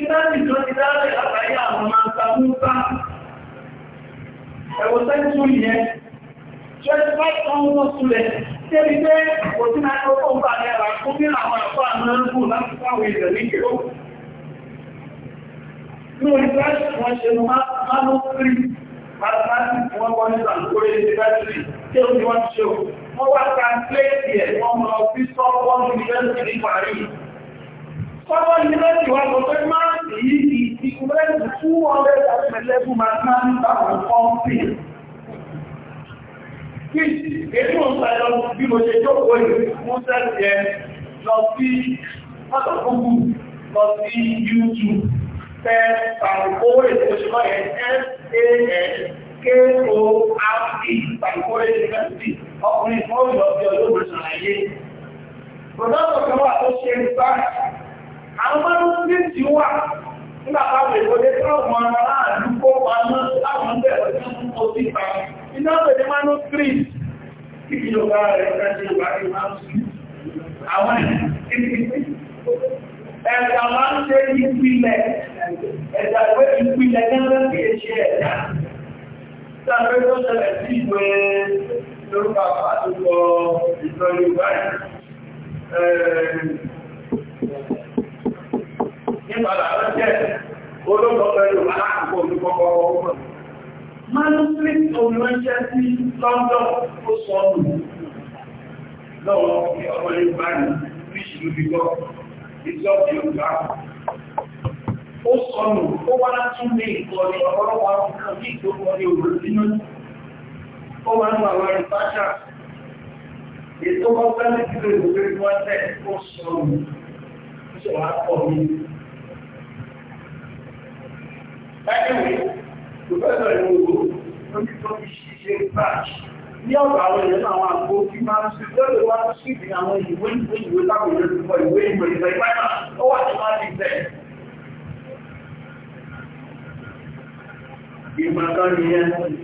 Ìdáàbì tó ti dáàbì látàrí àwọn máa ń ta Musa. Ẹ̀wọ̀n sẹ́ńtúrì yẹn. Twenty five thousand students. Débi pé kò sí náà tó ń bá ní ẹ̀rọ fún ní àwọn àpá náà ń bù láti fáwọn èèyàn ní ìlú. Ní onígbàṣì wọ́n ṣe máa ń kiri, máa ń kiri wọ́n wọ́n ní ìgbà tó lè ṣe bá wọ́n wá translate ẹ̀ wọ́n mọ̀ sí sọ́wọ́n university ní Paris. Sọ́wọ́n university wọ́n mọ̀ pé máa ń sì yí di ìkúrẹ́sì 211 mathematics àwọn kọ́ńtì. Kí èyí mò ń sọ ẹ̀rọ bí mo ṣe jókòó yìí, mo sẹ́sì ẹ lọ sí pátákókù lọ sí YouTube. Fẹ́ tàbí owó ètò ìṣúná S-A-S K-O-R-T, pàìkóré ìrẹsì, ọkùnrin fún ìlọ́bí olóògùn ṣàlàyé. Pòtọ́tọ̀ kan wà tó ṣe ìsáàkì, àwọn mọ́rún tí wà nígbà táwọn ìwọlé táwọn aráàlú kó pamọ́ láwọn bẹ̀rẹ̀ tí wọ́n kó sí pa. Iná pẹ̀lú manuscript, kí ìjọba rẹ̀ fẹ́ ṣe wà ní sí pé lórúkọ àpàtúkọ ìtọ́ Yorùbá nípa làwọn jẹ́ olóòkọ́ Yorùbá láàkùkọ olùkọ́kọ́ ọmọ manuscript olùránṣẹ́ sí London ó sọ nù lọ́wọ́ ọmọ Yorùbá ní bíṣìlú bí lọ ìjọba Yorùbá ó sọ nù ó wá látún ní ìkọ̀ọ̀lẹ̀ ọ̀pọ̀lọpọ̀ àwọn kan bí ìgbókọ̀ọ̀lẹ̀ òwúrọ̀ sínú ó máa ń lo àwọn rìpáṣà ètò ọgbẹ́ ní kílò ìwé ní wọ́n tẹ̀ ó sọ òun ó sì wá pọ̀ mí. Ẹ̀ẹ́wì, ìfẹ́sọ̀ ìwòwò ó ní tó fi ṣiṣẹ́ báàkì. Ní ọ̀pọ̀ àwọn èèyàn àwọn àgbo tí máa ń ṣe lọ́dọ̀ wá sí ìdí àwọn ìwé ìwé ìwé táwọn èèyàn ti kọ ìwé ìwé ìwé ìwé ó wà ní máa ti bẹ̀. Ìmọ̀ kan nìyẹn.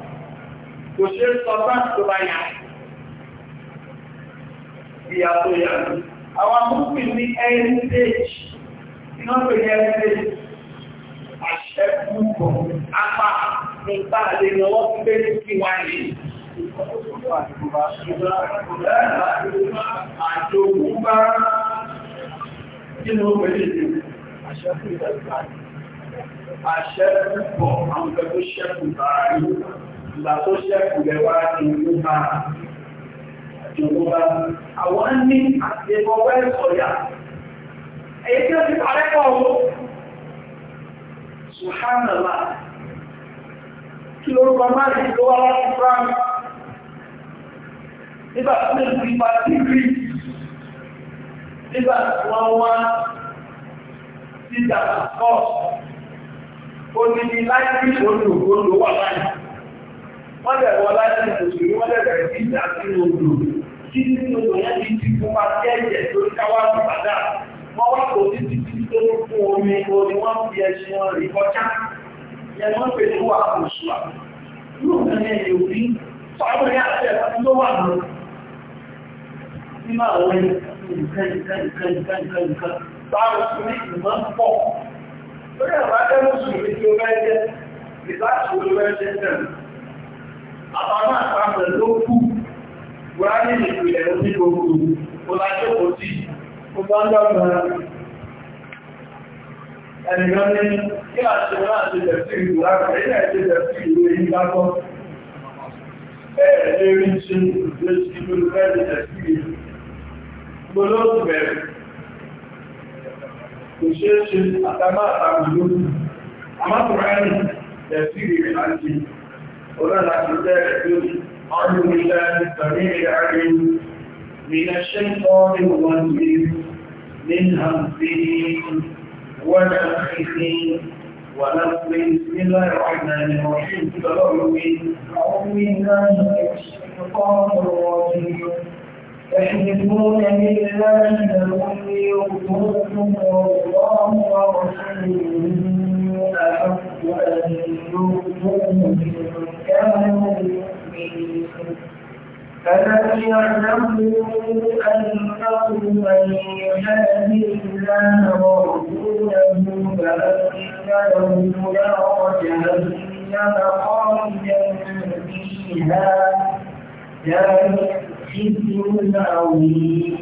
kò ṣe é sọ bá tó bá yà ìyá tó yà ní àwọn amúfin ní heritage iná pè ní heritage àṣẹ púpọ̀ apá ní ìpàdé ní ọwọ́ tó bẹ́ẹ̀ tó kí wá ní àjòkúbá nínú pẹ̀lú ìlú àṣẹ púpọ̀ àwọn pẹ̀lú ṣẹ́kù báyìí ìgbà tó ṣẹ́kù lẹ́wà ní ìlú máa jọlọ́wà àwọn ní àti ẹgbọ́gbẹ́ ìsọ̀yà èyí tí ó ti parẹ́ pọ̀ ó ṣùhánàlá kí lórúkọ máa ní ló wá láti frank nígbà tó lè fi pa sí greek nígbà tí wọ́n wá sí ìdàgbàsọ́ ó ní ní láìpẹ́ olùgbòlò wà láìpẹ́ wọ́n lè wọ láti ìgbòsí wọ́n lè bẹ̀rẹ̀ sí ìjà sí odò títí tí odò yẹn ti ti fún wa sí ẹ̀jẹ̀ tó ń káwá ní padà wọ́n wá kó ní títí tó ń fún omi orí wọ́n fi ẹṣin wọn rí kọjá yẹn wọ́n pè ní wà oṣù à yóò àtàwọn àpapọ̀ ló kú wọ́n ní ìpìlẹ̀ ló ní gbogbo ọlájọ́kọ̀ sí gbogbo ọjọ́gbọ̀n ẹnìyàn ní kí àṣẹ láti tẹ̀sí ìlú lápẹ̀ ilẹ̀ ti tẹ̀sí ìlú èyí lápọ̀ ẹ̀ẹ́ àtàmà àtàmà lókù àmàkùnrin tẹ̀sí ìlú ولنا نجاهد أعوذ بالله السميع العليم من الشيطان الرجيم من همزه ونفخه ونفخه بسم الله الرحمن الرحيم تبرمين أعوذ بالله من الشيطان الرجيم يحلفون بالله لهم ليرضوكم والله ورسوله أحب أن يؤتوهم كانوا مؤمنين ألم يعلموا أنه من يجاهد الله ورسوله فأن له نار جهنم خالدا فيها ذلك خزي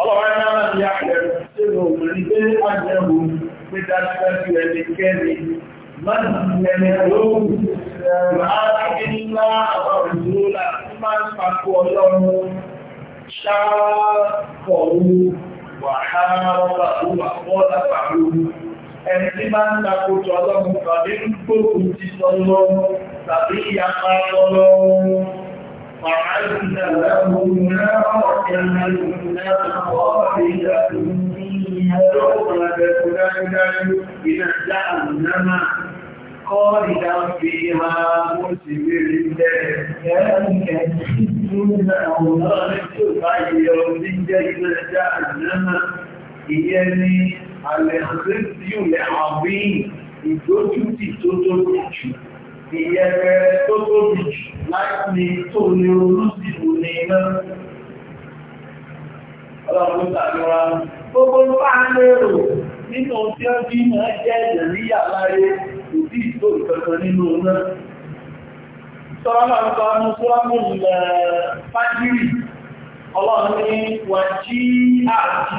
ọlọ́wọ́ ní àwọn ìyá pẹ̀lú tí ó rí pé àjẹ́wò pé dájúdájú ẹni kẹ́ni láti ẹni lóòrùn láti nílá àwọn ìdúrólà tí máa ń pàkó ọlọ́run ṣáàkọ̀ọ́rù wàhálà wà fọ́lá pàrú ẹni ń takòtò ti sọ lọ́run tàbí ìyapa lọ́run وأعد لهم نارا جهنم خالدة فيها يخرج كلنا من جهنم خالدا فيها مسبل ذلك الخزي الأولاد غير من جهنم يعني الخزي العظيم ìdójútì tó tó jù ìyẹ́rẹ́ tó tóbi jù láti tó ní olúsìlú ní iná. Ọlọ́run tàbíra gbogbo bá lérò nínú tí ó bí náà jẹ́ ìdẹ̀ríyà láyé kò sí ìtò ìkankan nínú náà. Sọ́rọ́lá ń sọ ní Sọ́rọ́mù ilẹ̀ Fájírì, ọlọ́run ní wà jí àti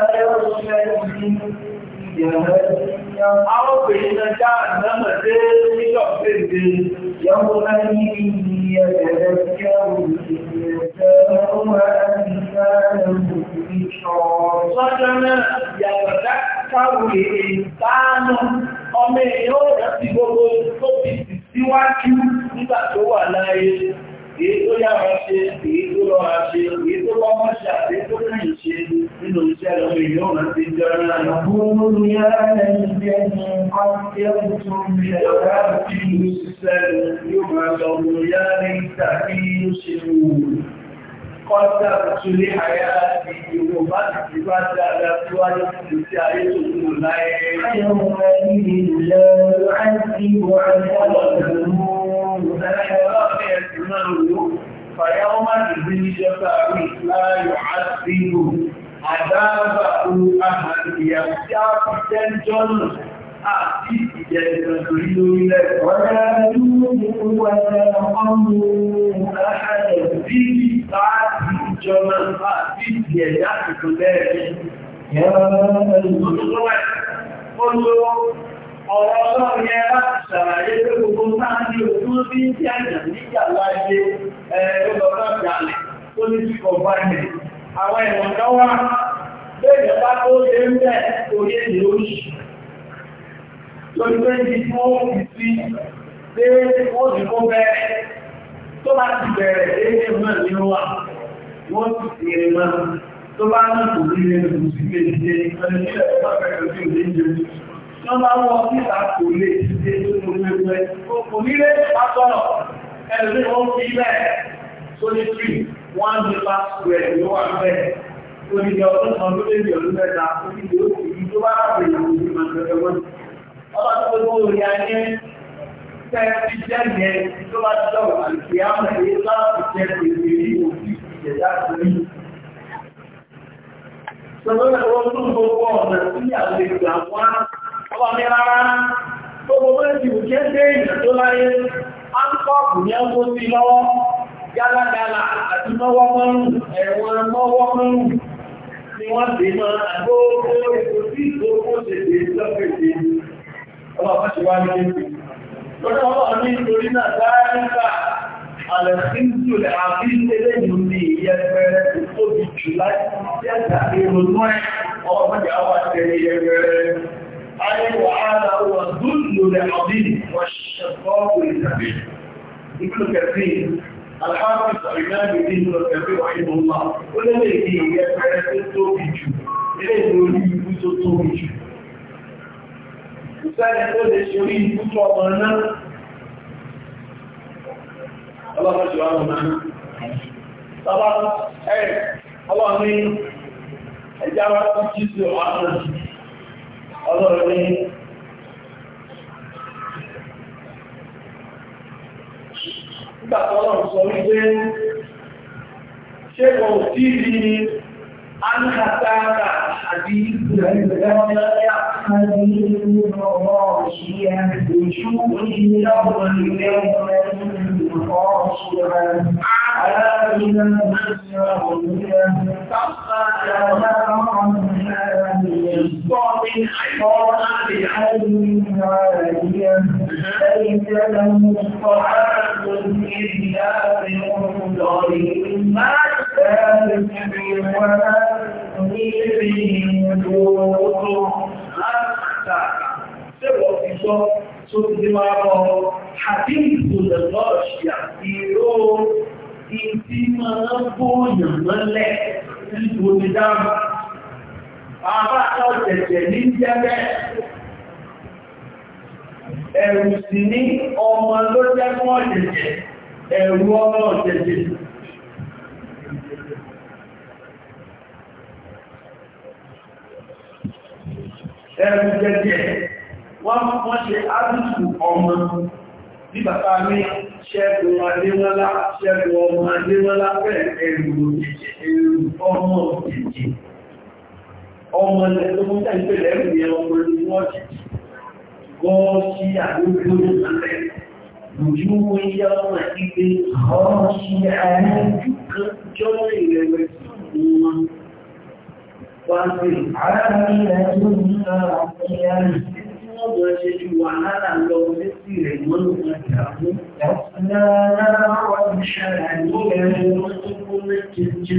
ẹlẹ́rọ̀ àwọn obìnrin náà já àdámọ̀ dé nílọ̀ pèsè yọmọ náà ní ẹ̀rẹ̀ tí ó wù sí ẹ̀rẹ̀ ọmọ ẹni náà lọ́wọ́ sí ọ̀rọ̀. Lọ́jọ́ èèyàn ó rẹ̀ gbogbo tó fi síwájú nígbà tó wà láyé èyí tó yára ṣe èyí tó lọ́ra ṣe èyí tó lọ́mọ́ ṣe àti tó lẹ́yìn ṣe nínú iṣẹ́ lọ́mọ èyí ó rántí jọra náà. Búrú ni ẹ̀rẹ́ ìgbẹ́ ni wọ́n ti ẹ̀ tó ń bí ẹ̀rọ àti ìlú ṣiṣẹ́ yóò máa lọ mú yára ní ìtàkì ó ṣe wù kọ́ńtà tuntun ní àyà àti ìwò bá ti fi bá dáadáa síwájú sí sí ayé tó kúrò láyé. Ayọ̀mọ̀ ìlú lọ láti wọ àjọ́lọ̀ mú ẹ̀rọ ẹ̀sìn náà lò. Fàyàwó má ti bí ní ṣẹ́fà rí láyọ̀ àti ìlú. Àdáàbà ohun àmàlìyà tí a fi tẹ́jọ́ nù àti ìjẹ ìrìnàjòrí lórí lẹ́ẹ̀kọ́. Wọ́n rẹ̀ lúwọ́ gbogbo ẹ̀rọ ọmọ ẹ̀ṣẹ̀ bí láti ìjọba àti ìjẹ ìyàtìkò lẹ́ẹ̀kẹ́. Ẹ̀rọ ọ̀rọ̀ ọlọ́run yẹn láti ṣàlàyé pé gbogbo sáàdì òtún bí ń tí àjà níjà láyé ẹ̀ẹ́dọ́gbọ́n jàlẹ̀ tó ní ṣùkọ̀ báyìí. Àwọn ìwọ̀n kan wá bẹ́ẹ̀ bá tó ṣe ń bẹ́ẹ̀ orí èdè oríṣìí lórí pé ní tí wọ́n ti sí pé wọ́n ti kó bẹ́ẹ̀ tó bá ti bẹ̀rẹ̀ déédéé náà ní wà wọ́n ti sì rẹ̀ mọ́ tó bá ní kò rí rẹ̀ lù sí lè ṣe ẹni tí ẹ̀ bá bẹ̀rẹ̀ sí òde ń jẹun tí wọ́n bá wọ́n níta kò lè ṣe tó kò lè pẹ́ kò ní lè bá sọ̀rọ̀ ẹ̀rí wọ́n fi bẹ́ẹ̀ sóní tírì wọ́n á ní bá square ló wà ọlọ́run tó gbogbo orí ayé tẹ́ ti jẹ́ yẹn tó bá ti lọ́wọ́ àti àmọ̀ èyí láti jẹ́ pèsè ní òfin ìjẹ̀dá torí. Sọ̀rọ̀ ẹ̀rọ tó gbogbo ọ̀nà sí àwọn ìgbà wá ọba mi rárá tó gbogbo ẹ̀sìn òkè dé ìrìn tó láyé áńkọ́ọ̀kù ní ọkọ̀ sí lọ́wọ́ gálágálà àti mọ́wọ́ mọ́rùn ẹ̀wọ̀n mọ́wọ́ mọ́rùn ni wọ́n dè máa gbogbo ètò sí ìgbòho ṣèṣe ọlọ́pàá ti wá ní kéèkì lọ́nà ọlọ́run ní torí náà dáríkà àlẹ́síńtò lè àbí ilé yìí ní ìyẹ́ pẹ̀rẹ́ tó tóbi jù láti jẹ́ta ìrònú ẹ̀ ọlọ́pàá àwọn àtẹ̀lẹ̀ ìyẹ́ pẹ̀rẹ́ ayẹwà ara wà dúdú lè àbí wọ́ṣẹ̀kọ́ọ̀kù ìtàbí ìpínlẹ̀ kẹfì alhábìsì àrínáàbì ní ìlú sẹ́ni tó lè ṣe orí ìbútọ́ ọmọ náà ọlọ́pàá ṣe ọmọ náà الخسارة حديث حديث غاشية بشوق يوم يوم خاشعة عالما مسعودة تصدر عنها من حصانة عالية ليس له طعام إلا من ضريع ما كانت ولا من جوع حتى سبع حصان صوت دماغه حديث الغاشية يروح ìtí máa ń bóyàn mọ́lẹ̀ nítorí dáàbò àbá tó tẹ̀tẹ̀ ní jẹ́bẹ́ ẹ̀rù sì ní ọmọ ló jẹ́ fún ọ̀tẹ̀tẹ̀ ẹ̀rù ọmọ ọ̀tẹ̀tẹ̀ ẹ̀rù jẹ́jẹ́ wọ́n wọ́n ṣe ábùsù ọmọ bí bàbá mi ṣẹ́gun adéwọ́lá ṣẹ́gun ọmọ adéwọ́lá bẹ́ẹ̀ ẹ̀rù ọmọ òjèjì ọmọ ilẹ̀ tó mú tẹ́ ṣe ju wà lára lọ létí rẹ̀ mọ́nà ìdàmú. Lára àwọn ìṣẹ̀lẹ̀ àìmọ́ ẹ̀rọ tó kó méjèèjì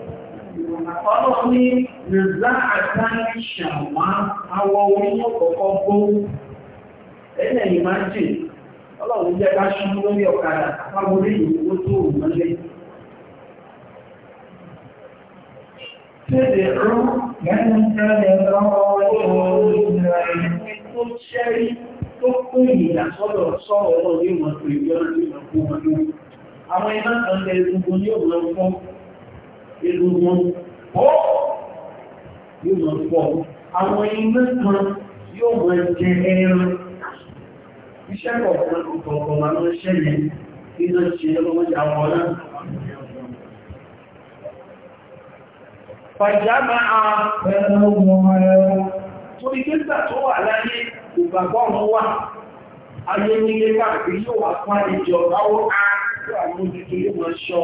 Ọlọ́run ní Rìzá àtàrí ṣàmá awọ orílẹ̀ kọ̀kọ́ gbó. Ẹlẹ́ ìmájì, ọlọ́run jẹ́ bá ṣú lórí ọ̀kadà, àwọn orí ìwò tó mọ́lé. Tẹ́lẹ̀ rú, mẹ́rin tẹ́lẹ̀ lọ́wọ́ Àwọn iná kan lẹ egungun ní òun lọ fún ìlú wọn ó yóò mọ̀ pọ̀ àwọn iná kan yóò mọ̀ jẹ ẹran iṣẹ́ kọ̀ọ̀kan ọ̀kọ̀ọ̀kan máa ń ṣẹlẹ̀ iná ṣe lọ́wọ́jà wọn náà fàjámà ẹ̀rọ wọn ẹ̀rọ torí kéta tó wà láyé ìgbàgbọ́ wọn wà ayé nílé káàkiri yóò wà fún àìjọ báwọ́ á tó àmójútó yóò mọ̀ ṣọ́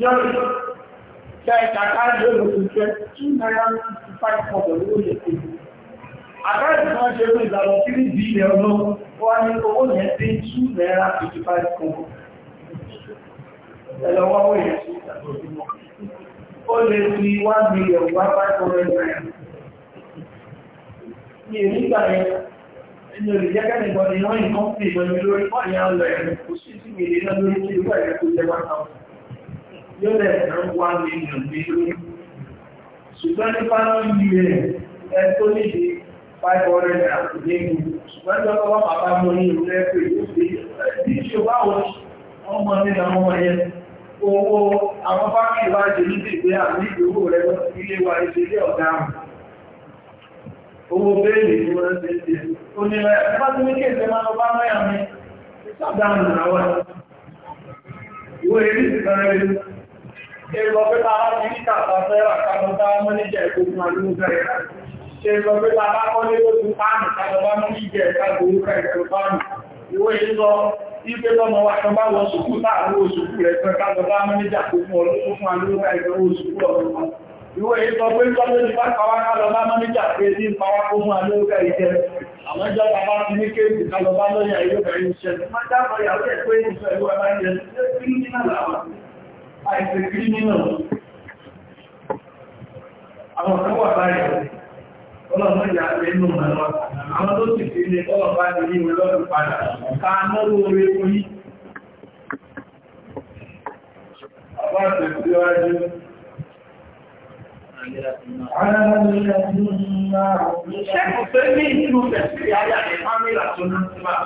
theory ṣe ìkàkárí olóògùn jẹ́ 2 naira 55 ọ̀dọ̀ ló lè fi àkáàdì tí wọ́n ṣe fún ìlànà 3 billion ọlọ́ wọ́n ní owó yẹn dé 2 naira 55 ọ̀dọ̀ ẹ̀lọ́wọ́ owó yẹn sí ìtàkùn ó lè fi 1 million 1,500 naira ní èyíkà yẹn inú ìjẹ́kẹ́ nìkan ni wọ́n yìí kọ́ fún ìgbẹ̀mí lórí wọ́n yà ń lọ ẹ̀rẹ̀ kò sí sí ìgbèlè náà lórí kí ìgbà ẹ̀rẹ̀ tó jẹ́ 1,000 yóò lẹ̀ ẹ̀rọ wá ní ìyàn ní lórí ṣùgbọ́n ní fámìlì rẹ̀ ẹ tó níbi 500 àtìlẹ́yìn ṣùgbọ́n ní ọkọ̀ wọn bàbá mọ́ ní ìlú ẹ̀fẹ́ tí ṣe wá ọmọ ní àwọn ọmọ yẹn owó àwọn fámìlì wá jẹ ní ìgbé àmì ìdòwò rẹ̀ ilé wa ìṣẹ́lẹ̀ ọ̀gá owó bẹ́ẹ̀lì ni wọ́n ṣe ṣe ó ní ẹ̀ bá ti ní kí èsẹ̀ máa lọ bá mẹ́yà mi sábà ń rà wọ́n ìwé eré ìsìnkú Ṣèrọ pé bá láti ní kàtà fẹ́ra kàtà mọ́ ní jẹ́ ìkókù àdúgbò ẹ̀ka. Ṣèrọ pé bá bá kọ́ ní lóṣù pánì kàtà mọ́ ní jẹ́ ìkà gbòókà ìkọ̀ pánì. Ìwé ìsọ ìgbé tọ́mọ wa kan bá wọ sùkú láàrin oṣùkú rẹ̀ tán kàtà bá mọ́ ní jà kókù ọlọ́kùn fún àdúgbò ẹ̀ka oṣùkú ọ̀rọ̀. Ìwé ìsọ pé tọ́lọ́ ti bá pàwá kálọ bá mọ́ ní jà pé sí ń pàwá kó fún àdúgbò ẹ̀jẹ̀. Àwọn ìjọ bàbá ti ní kéèkì kálọ bá lọ́yà ìlú ẹ̀yìn ṣẹlẹ̀. Má dábọ̀ ìyàwó ẹ̀ pé ìṣẹ̀lú ẹ̀bá ìyẹn. Ṣé kí ní náà làwọn? àìsẹ̀ kírínínà àwọn ọ̀sánwà báyìí ọlọ́mọ ìyá ẹnu mẹ́lọ àwọn tó sì fi ní ọlọ́pàá ní ìwé lọ́dún padà ká mọ́rú orí orí àwọn àtẹ̀síwájú Ṣẹ́kù pé ní ìlú tẹ̀sí ayá ìfámílà tó náà ti máa.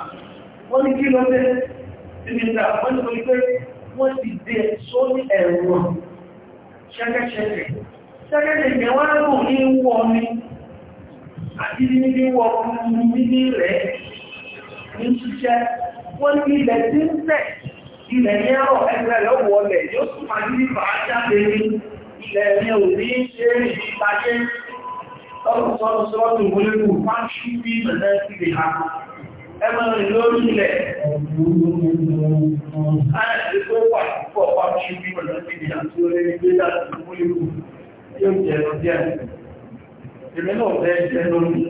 Wọ́n ní kí ló dé? Ìgbìyànjú àwọn ìpínlẹ̀ wọ́n ti dé sórí ẹ̀rọ ṣẹ́kẹ́ṣẹ́kẹ́ ṣẹ́kẹ́ṣẹ́ yẹn wọ́n rò ní wọ́ mi àti níbi wọ́ níbi rẹ̀ ní ṣiṣẹ́ wọ́n ní ilẹ̀ tí ń tẹ̀ ilẹ̀ ní ẹ̀rọ ẹgbẹ́ rẹ̀ wọlẹ̀ yóò tún máa ní fàájáde ní ilẹ̀ ní òní ṣe é ìgbàjẹ́ Ọlọ́sọ́lọ́sọ́lọ́dún wọlé kò fáṣí bí ìbẹ̀rẹ̀ sí ìhàkùn ẹmọ lórí ilẹ̀ àti tó wà púpọ̀ pàtàkì ibi pẹ̀lú ìdí àti orí gbé láti múlùú yóò jẹ́ lọ díẹ̀ ìrẹ́ náà fẹ́ jẹ́ lórí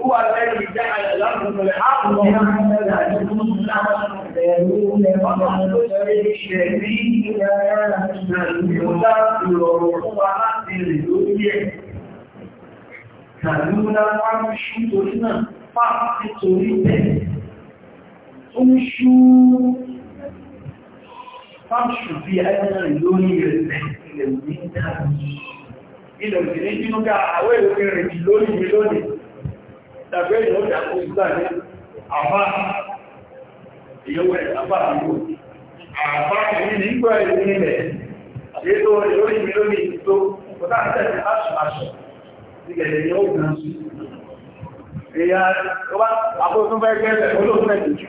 هو الذي جعل لكم الحق ومحمد عليكم السلام الشريك لا يحزن المدبر ومحمد للدنيا kàlúlá fáṣú torí náà fáṣí torí tẹ́ ó ń ṣú fáṣù bí ẹ̀nà lórí rẹ̀ ilẹ̀ òní dáa ilẹ̀ òní ní bínú ká àwẹ́ ìwé rẹ̀ lórí mi lónìí tàbí ìlú ìdàkó ìgbà ní àbá ìyówó ẹ̀ àbá àbúrò àbá ìrìn ní ìgbà ìrìn ilẹ̀ àti ètò lórí mi ìgbẹ̀lẹ̀ yóò gbọ́n sí. Ìyá àpótún fẹ́ gẹ́gẹ́ olóòfẹ́ jù.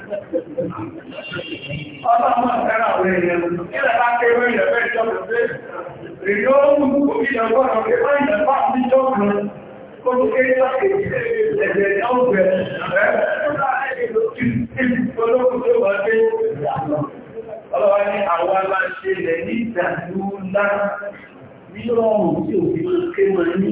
Ọlọ́pàá fẹ́ràn àwọn èèyàn, ilẹ̀ bá kéré ilẹ̀ fẹ́ ìjọba pé èyí ó mú kó kí ìjọba ọ̀rọ̀ pé wọ́n ìjọba àti ìjọba kó tó kéré láti ẹ̀jẹ̀ ìjọba rẹ̀ tó bá ẹ̀jẹ̀ olóòfẹ́ tó wà pé ọlọ́wà ní àwọn aláṣẹ ilẹ̀ ní ìdàdúró ńlá nínú ọ̀rùn tí òfin kéré ní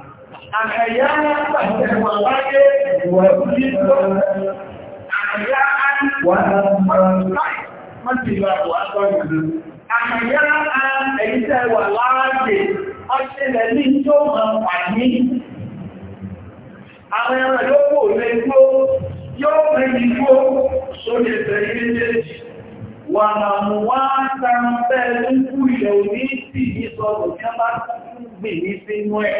Àkàyà pàtẹ̀wà láyé wà ní lọ. Àkàyà wà Àkàyà ẹ̀yíṣẹ́ wà láàájé, ọṣẹ́lẹ̀ ní tó máa pàdé. Àwọn ẹran yóò kò lè gbó, yóò rí igbó, sórí ẹ̀fẹ̀ ilé méjì. Wà máa mú wá sáà bẹ́ẹ̀ ní kú ilẹ̀ òní sí ìsọ̀rọ̀ ní a bá gbè ní sínú ẹ̀.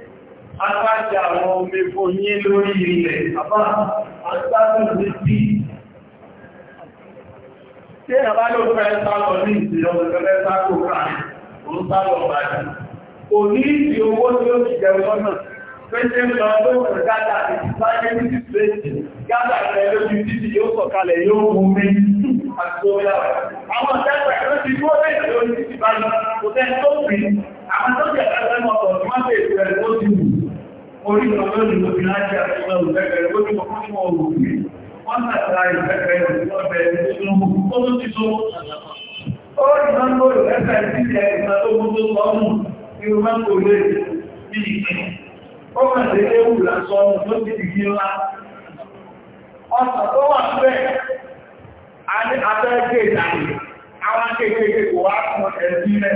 agbájá àwọn omi fún yí lórí ilẹ̀ àbá agbájá ní sí tí àbá ló fẹ́ sálọ ní ìsìnlẹ̀ sákò káàrí ó sálọ bàjá kò ní ìdí owó tí ó ti jẹun lọ́nà pẹ́sẹ̀ lọ tó kò gádà àti sáyé ní ìsìnlẹ̀ gádà rẹ̀ lójú títí yóò sọ̀kalẹ̀ yóò mú mi àti àwọn ìjẹ́pẹ̀ ló ti gbọ́ bẹ́ẹ̀ lórí títí báyìí kò tẹ́ tó fi àwọn tó jẹ́ ẹgbẹ́ mọ́tọ̀ orí ọlọ́rin ló fi láti àtúnlẹ̀ òbẹ́bẹ̀rẹ̀ ó ní ọkọ́ fún ọmọ òfin wọ́n tàbí ìbẹ́bẹ̀rẹ̀ ìbẹ́bẹ̀rẹ̀ ó tó ti tó ó ìgbàmọ́ ìbẹ́bẹ̀rẹ̀ sí ilẹ̀ ìgbàlógún tó lọ́mù ní ọmọ kò lè bí ìpín ó mẹ́ sí ewu lásọ tó ti di kí ńlá ọ̀sán tó wà bẹ́ẹ̀ abẹ́gbẹ̀ ìdàgbẹ̀ àwọn akéèkéèké kò wá fún ẹ̀sí rẹ̀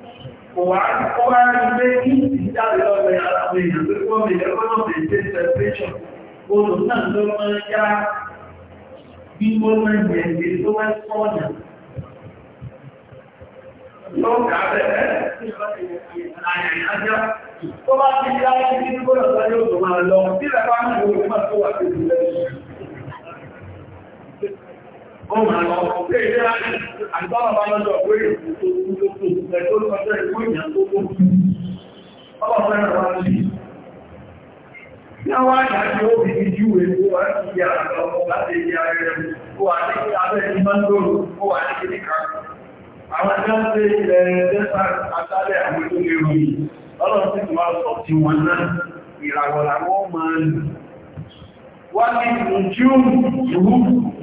kò wá kó wá rí pé kí ìjáde lọ́gbẹ̀ àwọn èèyàn tó kọ́ mi lẹ́kọ́nà pèsè separation olù náà ló máa ń yá bí ó máa ń yẹ̀gbẹ́ tó wá sọ́ọ̀nà lọ́gbà bẹ̀rẹ̀ àyàyájá tó bá ti yá ibi tí kó lọ́gbà yóò tó máa lọ sílẹ̀ bá ń lò ó máa tó wà pẹ̀lú lẹ́yìn ọmọ àwọn ọ̀pẹ́ ìlera ní àgbáwọ̀bá lọ́jọ́ pé èkó tó tó ẹ̀ tó lọ́jọ́ ìwé ìyàn tó kó ọwọ́ fẹ́ràn wá sí Yáwá ìdájí ó bí jú èkó wá sí ìyá àtọ́kọ láti ìyá rẹ̀ kó wà ní abẹ́ ní mọ́ndòrò kó wà ní kíníkà. Àwọn ẹgbẹ́ ń pé ilẹ̀ ẹ̀ẹ́dẹ́sà àtàlẹ̀ àwọn ìlú lè ròyìn, ọlọ́run sì tún wá sọ ti wọn náà, ìràwọ̀ làwọn máa ń lò wọ́n ní ìjú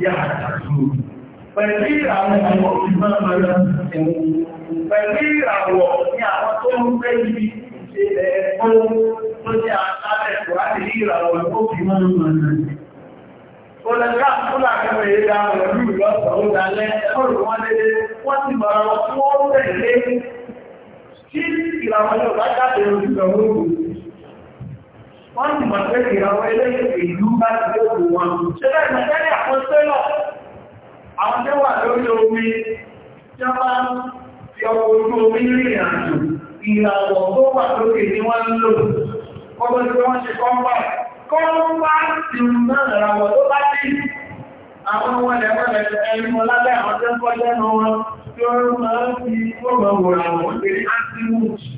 ya, yàtàkù pẹ̀lú ìràwọ̀ ọmọ ìgbọ́n mẹ́rẹ̀ pẹ̀lú ìràwọ̀ ní àwọn tó ń pẹ́ ibi ìṣẹ̀lẹ̀ ẹ̀kọ́ tó jẹ́ àtàlẹ̀ kòrádì ìràwọ̀ tó fi mọ́ Olẹ́gbà fúlà kẹfẹ́ ìdá ọ̀rọ̀lú ìlọ́sọ̀ ó dalẹ́ ọ̀rọ̀ wọn lédé wọ́n wọ́n ti mọ̀ pé ìràwọ̀ eléyìí ìlú bá ti lé òkú wọn ṣe bẹ́ẹ̀ mọ̀ tẹ́lẹ̀ àkọsílẹ̀ àwọn tẹ́ wà lórí omi tí wọ́n bá fi ọkọ̀ ojú omi rìn àjò ìràwọ̀ tó wà lókè ni wọ́n ń lò kọ́gbọ́n tí wọ́n ṣe kọ́mbà kọ́mbà ti náà ìràwọ̀ tó bá dì àwọn wọlẹ̀wọlẹ̀ ẹ̀rìnmọ̀ lábẹ́ àwọn tẹ́kọ́ lẹ́nu wọn tí ó máa ń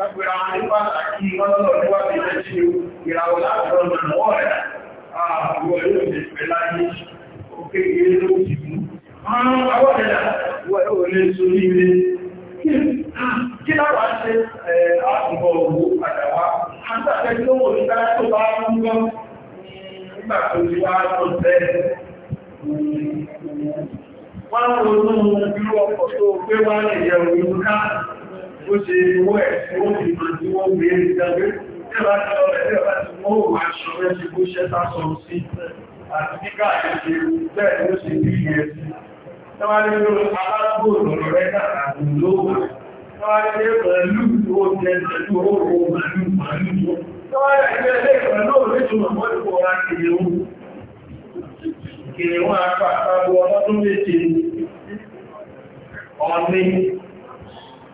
lágbèrè àwọn nípa àti ìwọ́lọ́lọ́ nípa ti jẹ́ ìràwọ̀ láti ọ̀nà wọ́n ń ronú ọkọ̀ tó gbé wá lè yẹ̀ òun ká ó ṣe owó ẹ̀ tí wọ́n fi máa tí wọ́n gbé ní ìdágbé tẹ́lá ti lọ rẹ̀ tẹ́lá ti mọ́ òun aṣọ rẹ̀ ṣe bó ṣẹ́ sásọ sí àti kíkà àṣẹ bẹ́ẹ̀ ló ṣe bí ìyẹn sí tẹ́wàá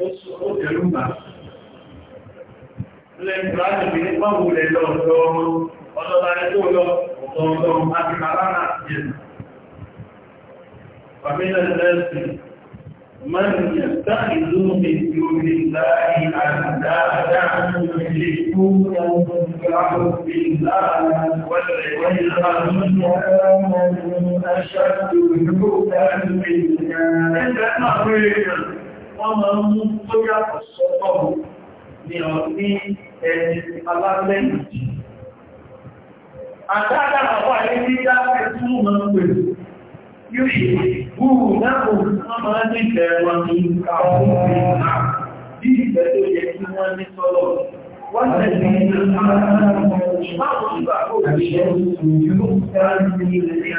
ó tẹ̀lú bà. Lẹ́yìn láti fi nípa wùlẹ̀ lọ ọ̀dọ́ ọlọ́lá ẹjọ́ lọ ọ̀tọ̀ọ̀tọ̀ àti kàlára jẹ́. Fàmílà lẹ́sì, mẹ́rin yẹ̀ táàrí tí ó rí láàrin àdáadáa ilé ikú Ẹgbẹ́ náà rí ẹ̀rọ wọ́n máa ń mú tó yàtọ̀ sọ́tọ̀ ní ọ̀ní ẹni alálẹ́yìn jì. Àtàdà àwọn àyè ní dáfẹ́ tún máa ń pè yóò ṣe gúrù náà wọ́n máa ń nífẹ̀ẹ́ wọn ní àwọn òfin náà bí ìfẹ́ tó yẹ kí wọ́n ní sọ́lọ̀. Wọ́n tẹ̀lé ní àwọn ìgbàgbọ́ ìṣẹ́ ìlú ìgbàgbọ́ ìlú ìgbàgbọ́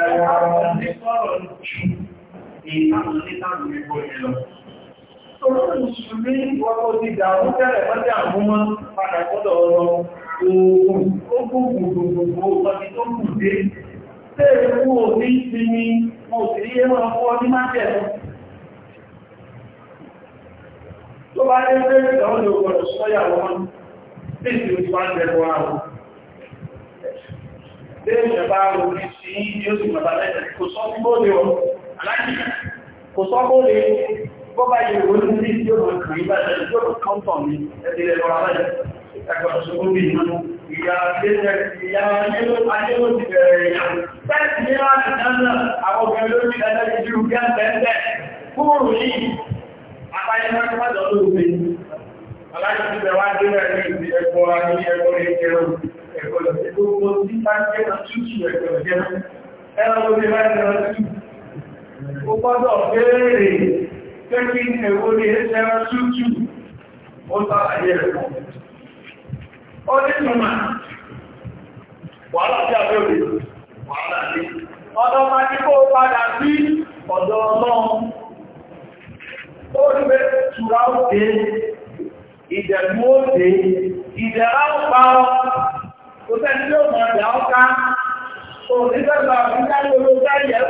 ìlú Torí ìṣúrí ọkọ̀ ti dàrú tẹ́lẹ̀ mọ́jẹ́ àmúmọ́ padà gbọ́dọ̀ ọ̀rọ̀ oòrùn ó gùn gbogbogbò ọdí tó kù dé. Tẹ́ ẹ̀kú òní ti ni mo sì rí ẹmọ́ ọkọ̀ ní májẹ̀ lọ. Tó bá dé pé ìdáwọn ni ògbọ̀dọ̀ sọ́yà wọn, bí ìsì ó ti wá ń bẹ̀rù àrùn. Bẹ́ẹ̀ ìjọba orí sí ní ó sì mọ̀ta lẹ́sẹ̀ kò sọ́ bó bá yẹ ìwò ní yóò mọ̀ kàn yí báyẹ̀ yóò kọ́ntọ̀ ní ẹgbẹ̀rẹ̀ lọ́ra báyẹ̀ ẹgbẹ̀rẹ̀ bí ìmọ̀ ìyá ìyá ayéló ti bẹ̀rẹ̀ ìyá bẹ́ẹ̀ ní láti dáná àwọn obìnrin lórí ẹgbẹ̀rẹ̀ ju gẹ́ẹ̀bẹ̀ẹ́ kúrò ní apáyẹ́mọ́ Ó gbọ́dọ̀ béèrè taking away ẹ̀ṣẹ́ra sútù ó sàlàyé rẹ̀ mọ́. Ó ní túnmà, wàhálà tí a bẹ̀rẹ̀ wàhálà ní. Ọ̀dọ̀ máa ní kó padà sí ọ̀dọ̀ ọlọ́run. Ó rí pé ṣùgbà ó dé, ìdẹ̀mú ó dé, ìdẹ̀rá ó pa ọ́. Kò sẹ́ni tí ó mọ̀ ọ̀dà ọ́ ká, òní fẹ́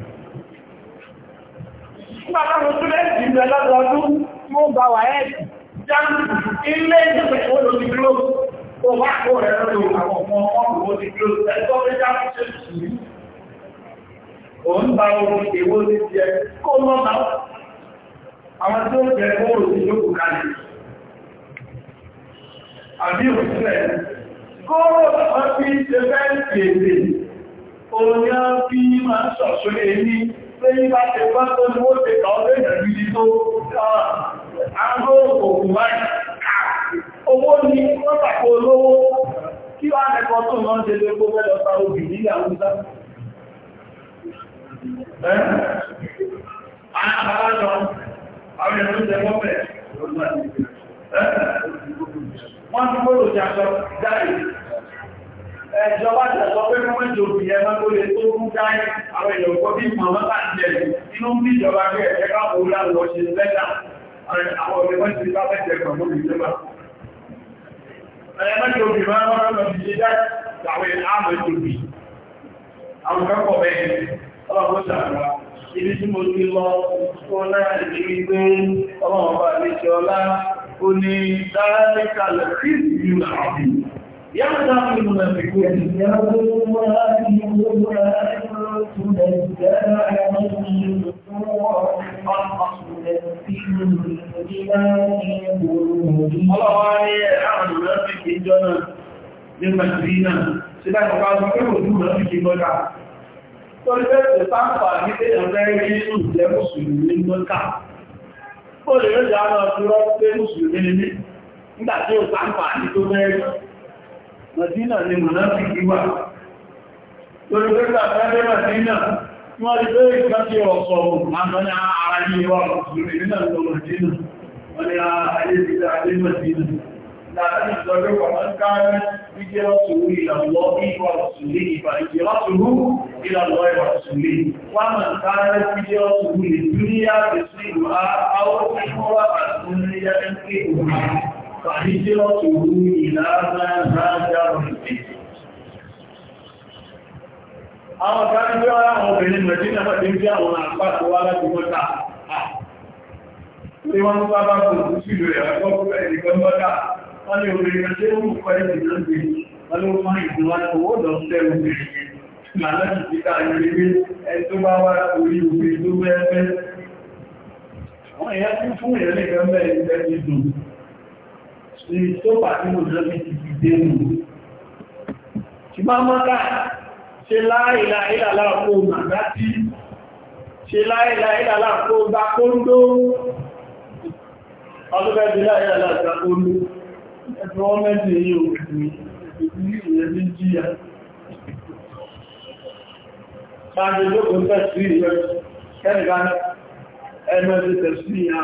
Nígbà táwọn túnlẹ̀ẹ́sì ìgbẹ̀ lọ́dọọdún tí ó bá wà ẹ́ẹ̀sì, jáàmù ilé ìjọpẹ̀ ìwọ́n ló ti dúró. Ó wá kó rẹ̀ lọ́dọ̀ àwọn ọmọ ọmọ ó ti dúró. Ẹ̀tọ́ pé jáàmù ṣe sùn ní. Òun bá orin èwo ti jẹ kó mọ́ náà. Àwọn tí ó jẹ kóòrò ti lókù kalẹ̀. Àbí òṣìlẹ̀, kóòrò ọdún ṣe fẹ́ pé nígbà tẹ gbọ́ tó ní ó tẹ tọ́ lé ìrìn ìdí tó àárọ̀ òkú báyìí owó ní wọ́n tàkó olówó kí wá nẹ́kọ́ tó lọ ń tẹ́lẹ̀ kó mẹ́lọ ta obì ní àwúsá Wọ́n ẹjọba tẹ̀sọ pé fún mẹ́jọ òbí ẹmọ́ tó lè tó kú káyí àwọn èèyàn kọ́ bí mọ̀ mọ́ta jẹ́ inú bí ìjọba pé ẹ̀ẹ́ ká òun láwọ̀ ṣe lẹ́ta àwọn ọ̀rẹ́ mẹ́jọ bá fẹ́jẹ̀ pẹ̀lú ìjọba ẹmọ́jọ òbí máa wọ́n lọ sí ṣe dáwẹ̀ àmọ́ ìjọbi àwọn kẹ́kọ̀ọ́ bẹ́ẹ̀ ọlọ́pọ̀ sàrà ibi tí mo ti lọ يعلم المنافقون يوم يقول تنزل عليهم سورة تنزل بما في قلوبهم الله يعلم المنافقين جنة للمسلمين sílẹ̀ ọ̀pá ọmọ kẹ́kọ̀ọ́ ojú mọ̀ ní kíkọ́ dà. Torí bẹ́ẹ̀ sáàpà ní pé Ó lè rẹ̀ jẹ́ àwọn Màdínà ni Mùnáfíkì wà. Lórí pẹ́lá pẹ́lẹ́ Màdínà, wọ́n rí pé ìgbàtí ọ̀sọ̀ àmọ́nà ara yìí wà Mùsùlùmí nínà lọ Màdínà. Wọ́n ni ayé ti dá dé Màdínà. Láàrín ìjọdún pàtàkì káàrẹ́ ìjẹ́ ọ̀sùn ìlàlọ́ ìwà ọ̀sùn lè ìbà ìjẹ́ ọ̀sùn ìlàlọ́ ìwà ọ̀sùn lè. Wọ́n mọ̀ káàrẹ́ ìjẹ́ ọ̀sùn lè dúníyà bẹ̀sí ìwà àwọn ìfọ́wà àti ìrìnlẹ́ فهجرته إلى ما هاجر إليه na kan tí wọ́n láwọn obìnrin mẹ̀jínà mẹ́jì ń jẹ́ àwọn àpapọ̀ wá láti mọ́ta tí wọ́n tó bá kò tó sílò ẹ̀kọ́ fún ẹ̀dìkan mọ́ta wọ́n ni obìnrin mẹ́jì ń ní tó pàtí mo lọ́bí ti fi dé mú. Ṣì máa mọ́ká ṣe láìlà ìlàlá ọkọ̀ màgbátí, ṣe láìlà ìlàlá ọkọ̀ bá kóńdó, ọdúnbẹ́ ti láìlà ìlàlá kóńdó, ẹ̀fẹ́ wọ́n mẹ́sìn yìí òkùnrin, ìpínlẹ̀ ìrẹ́bí jíyà. Ṣáàjẹ́ lókòó tẹ̀sí ìrẹ́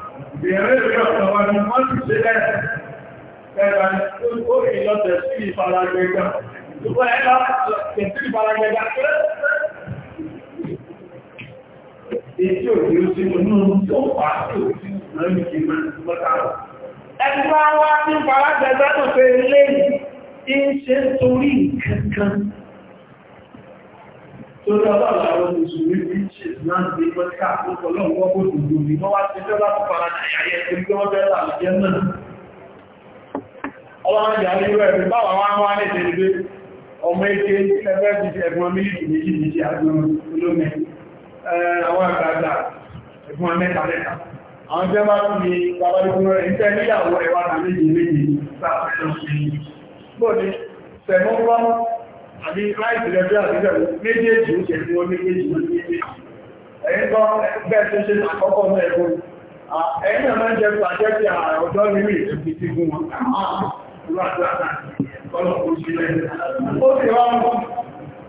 Ìbẹ̀rẹ̀ rẹ̀ ọ̀tọ̀ wa ni wọ́n ti ṣe lẹ́ẹ̀. Ẹgbà ó rí lọ́tẹ̀ sí ìfaragbẹ̀gbà. Ìgbọ́ ẹ̀ lọ́tẹ̀ sí ìfaragbẹ̀gbà kéré. Èyí ò tí ó sí mo ní ohun tó wà tó sí lọ́yìn kí máa ń lọ́ta. Ẹgbẹ́ wa ti ń faragbẹ̀gbà tó fẹ́ lé tó dábà láwọn mùsùlùmí beaches náà ní mọ́ká ọlọ́wọ́ bó dùdù ní wọ́n wá ti fẹ́ láti fara àyàyẹ torí wọ́n fẹ́ làlàyé náà ọlọ́run ìyá ní ìwẹ̀ ìfẹ́ báwọn wá wá ní ìdèrè ọmọ eke ẹgbẹ́ ti fi ẹ̀gbọ́n mílìkì méjì méjì àgbọn olómi àwọn àgbàgbà ẹ̀gbọ́n mẹ́ta mẹ́ta àwọn jẹ́ bá ti babalikun rẹ̀ ń tẹ́ níyàwó ẹwà tàbí ìdí méjì sáà fẹ́ lọ sí bóde sẹ̀mọ́ àbí láìsì lẹ́bí àbílẹ̀ méjèèjì ó ṣe fún ó méjèèjì ó méjèèjì ẹ̀yìn tó bẹ́ẹ̀ tó ṣe àkọ́kọ́ mẹ́ ẹ̀kọ́ ẹ̀yìn náà máa ń jẹ́kù àjẹ́kì ọjọ́ nílì ẹ̀bí ti gún wọn ó sì wá wọn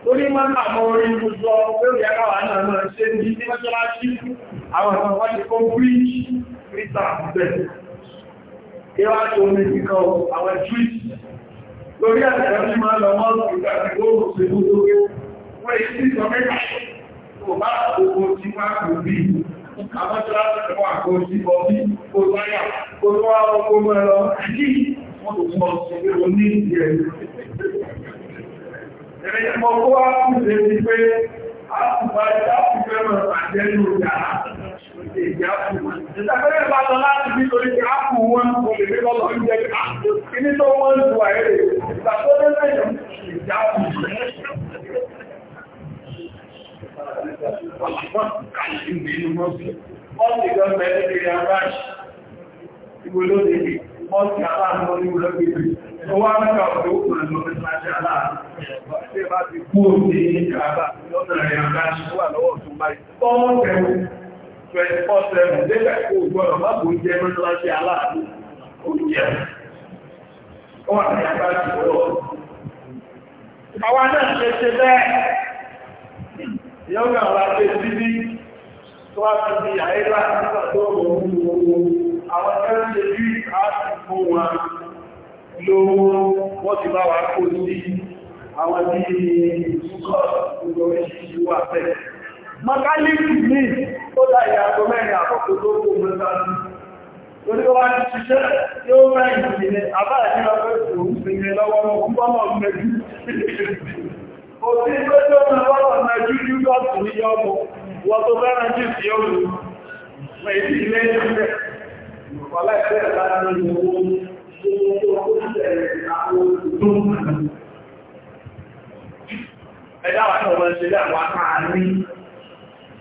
ó ní máa ń àmọ́ orí gbogbo lórí ẹ̀káwà náà náà ṣe ní ní mọ́ṣáláṣí àwọn ọ̀sán wọ́n ti kó bíríjì mítà bẹ́ẹ̀ kí wá tó ní kíkọ́ àwọn tíríṣì Torí àtẹ̀lẹ́ ní máa lọ mọ́ ìgbà tí ó rò sí gbogbo rẹ̀. Wọ́n èyí sí sọ mẹ́ta kò bá gbogbo tí wá kò bí. Àwọn tó láti fún àkójí bọ́ bí kò láyà, kò tó wá ọkọ̀ mọ́ ẹ̀rọ kí wọ́n tó mọ́ sí pé o ní ìdí ẹ̀. Ẹ̀rẹ́ mọ́ kó wá kú Ìtàkẹ́rẹ́ bá lọ láti bí torí pé á kù wọn kò lè rí lọ́lọ́ ìjẹ́ ìní tó wọ́n ń wà èrè ìtàkọ́lẹ́ lẹ́yìn ìjáàkù. Ọlọ́pàá kàlẹ̀ ìgbìyànjú mọ́sí. Mọ́sí gọ́ọ̀mẹ́ ẹgbẹ̀rẹ̀ aráṣì. Ìgbòlódé mọ́sí aláàmọ́ Ó wá twenty four seven débẹ̀ kó o gbọ́dọ̀ má bò ó jẹ́ mọ́ṣáláṣí aláàbò ó jẹ́ ó wà ní agbára ìwọ́. Àwa náà ṣe ṣe bẹ́ẹ̀ ìyọ́gbà wa ṣe bíbí tó wá fi di àyíká nígbà tó òun gbogbo àwọn tó ń ṣe bí àtìkú wọn lówó wọ́n ti bá wa kó sí àwọn bí ìtúkọ̀ gbogbo ìṣíwà bẹ́ẹ̀. mọ́kálífì ní ó dáyé àgbọ́ mẹ́rin àkọ́kọ́ tó kó mọ́sánú torí wá ti ṣiṣẹ́ tí ó mẹ́rin ìrìnlẹ̀ àbáyé na ọgbẹ́ òun sí ilẹ̀ lọ́wọ́ ọmọ mẹ́jú òtí tó tó mẹ́wọ́lọ̀ mẹ́jú yúgọ́tù ní ọmọ wọ́n tó jù sí ọmọ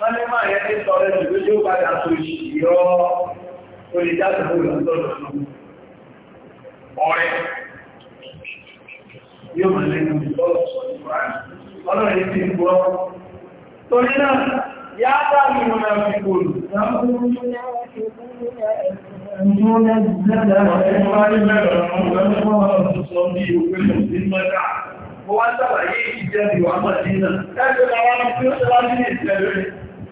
wọ́n ní máa yẹ́ tí sọ̀rọ̀ jù ló padà tó ìṣìyọ́ olùdásíwò lọ́dọ̀dọ̀ ọ̀rẹ́ yóò mọ̀ lẹ́nu ọlọ́rin ti gbọ́ torí náà ìwà mọ̀ sí Ẹgbẹ̀rẹ̀ àwọn tí ó ṣe wá ní ìṣẹ̀lẹ̀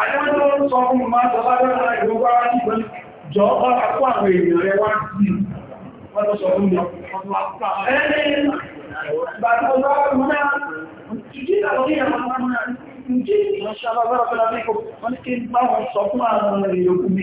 Adájọ́ sọ fún mi máa tọ́lá lọ́la ìgbogbo ara ní ìgbẹ́ jọ ọ́ra fún àwọn èèyàn rẹ wá sí wọ́n tó sọ fún mi. Ẹni ìgbà tí mo bá wọ́n náà, ìdí àwọn èèyàn máa ń náà, ìdí ìránṣẹ́ alábára fẹ́lá ní kò, wọ́n ní kí n bá wọn sọ fún àwọn èèyàn kú mi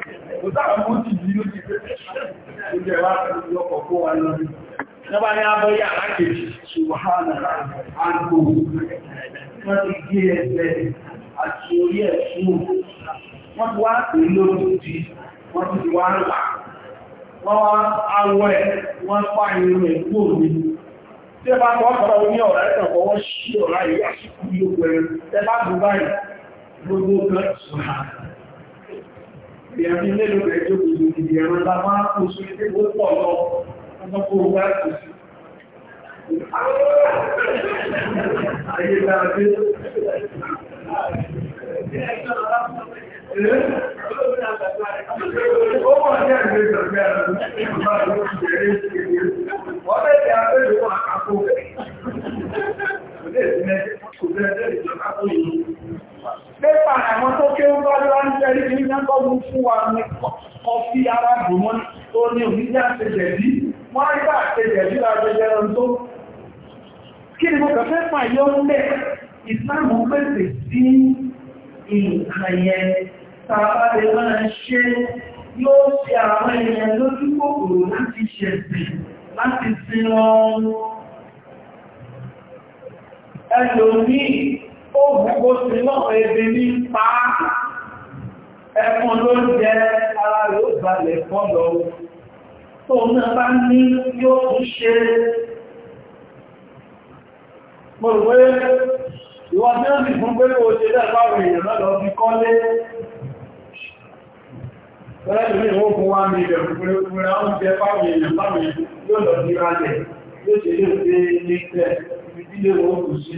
kò sáà mọ́ sí yìí ló ti pé ó jẹ́ wá pẹ̀lú ọkọ̀ kó wá lọ́rí nígbà ní abọ́ yà lákèjì ṣùgbọ́n àgbò wọ́n ti gé ẹgbẹ́ àti orí ẹ̀ fún wọ́n ti wá pè lóòtì wọ́n ti wá là wọ́n wá awọ ẹ̀ wọ́n pa irun ẹ̀ kúrò ní tí ẹ bá kọ́ ọ̀pọ̀lọ́ oní ọ̀rá ẹ̀tàn fọwọ́ sí ọ̀rá ìyá sí kúrò pẹ̀lú ẹ bá gbogbo ìyàmí mélòó rẹ̀ tó gbogbo ìdí ẹ̀rọ ńlá máa kó sí ilé ó pọ̀ lọ ọmọkó wá kò sí. Ayé dáadé. Ó mọ̀ ní ẹ̀rẹ́ ìjọ̀gbẹ́ àrùn, ìgbà ló ń jẹ́rẹ́ ìṣẹ́lẹ̀. Wọ́n bẹ̀rẹ̀ àpẹẹrẹ wọn àkàkọ́ rẹ̀. Kò lè sí mẹ́jẹ̀ kò lè jẹ́ ìjọba tó yìí pépà àwọn tó ké ń bá lọ́wọ́ ń tẹ́rí ní ìdánkọ́gbù fún wa ní kọfí ara bùmọ́ tó ní òmìnira àtẹ̀jẹ̀ bí wọ́n rí bá àtẹ̀jẹ̀ bí àtẹ̀jẹ̀ lọ tó máa ṣe yóò ṣe láti ṣẹ̀sìn láti sin ọ́n ó gbogbo sí náà ebe ní pàá ẹkùn ló ń jẹ ara rẹ̀ ó balẹ̀ fọ́n lọ tó náà bá ní yóò tún ṣe mo rò pé ìwọ̀n tí ó sì fún pé kò ṣe dẹ́gbàwò èèyàn náà lọ fi kọ́lé Ọlọ́dún ní ìwọ́n fún wá ní ìbẹ̀rù pẹ̀lú ìwọ̀n oúnjẹ fáwọn èèyàn fáwọn èèyàn yóò lọ sí rálẹ̀ yóò ṣe lè fẹ́ ní ìpẹ́ ìdílé wọn kò sí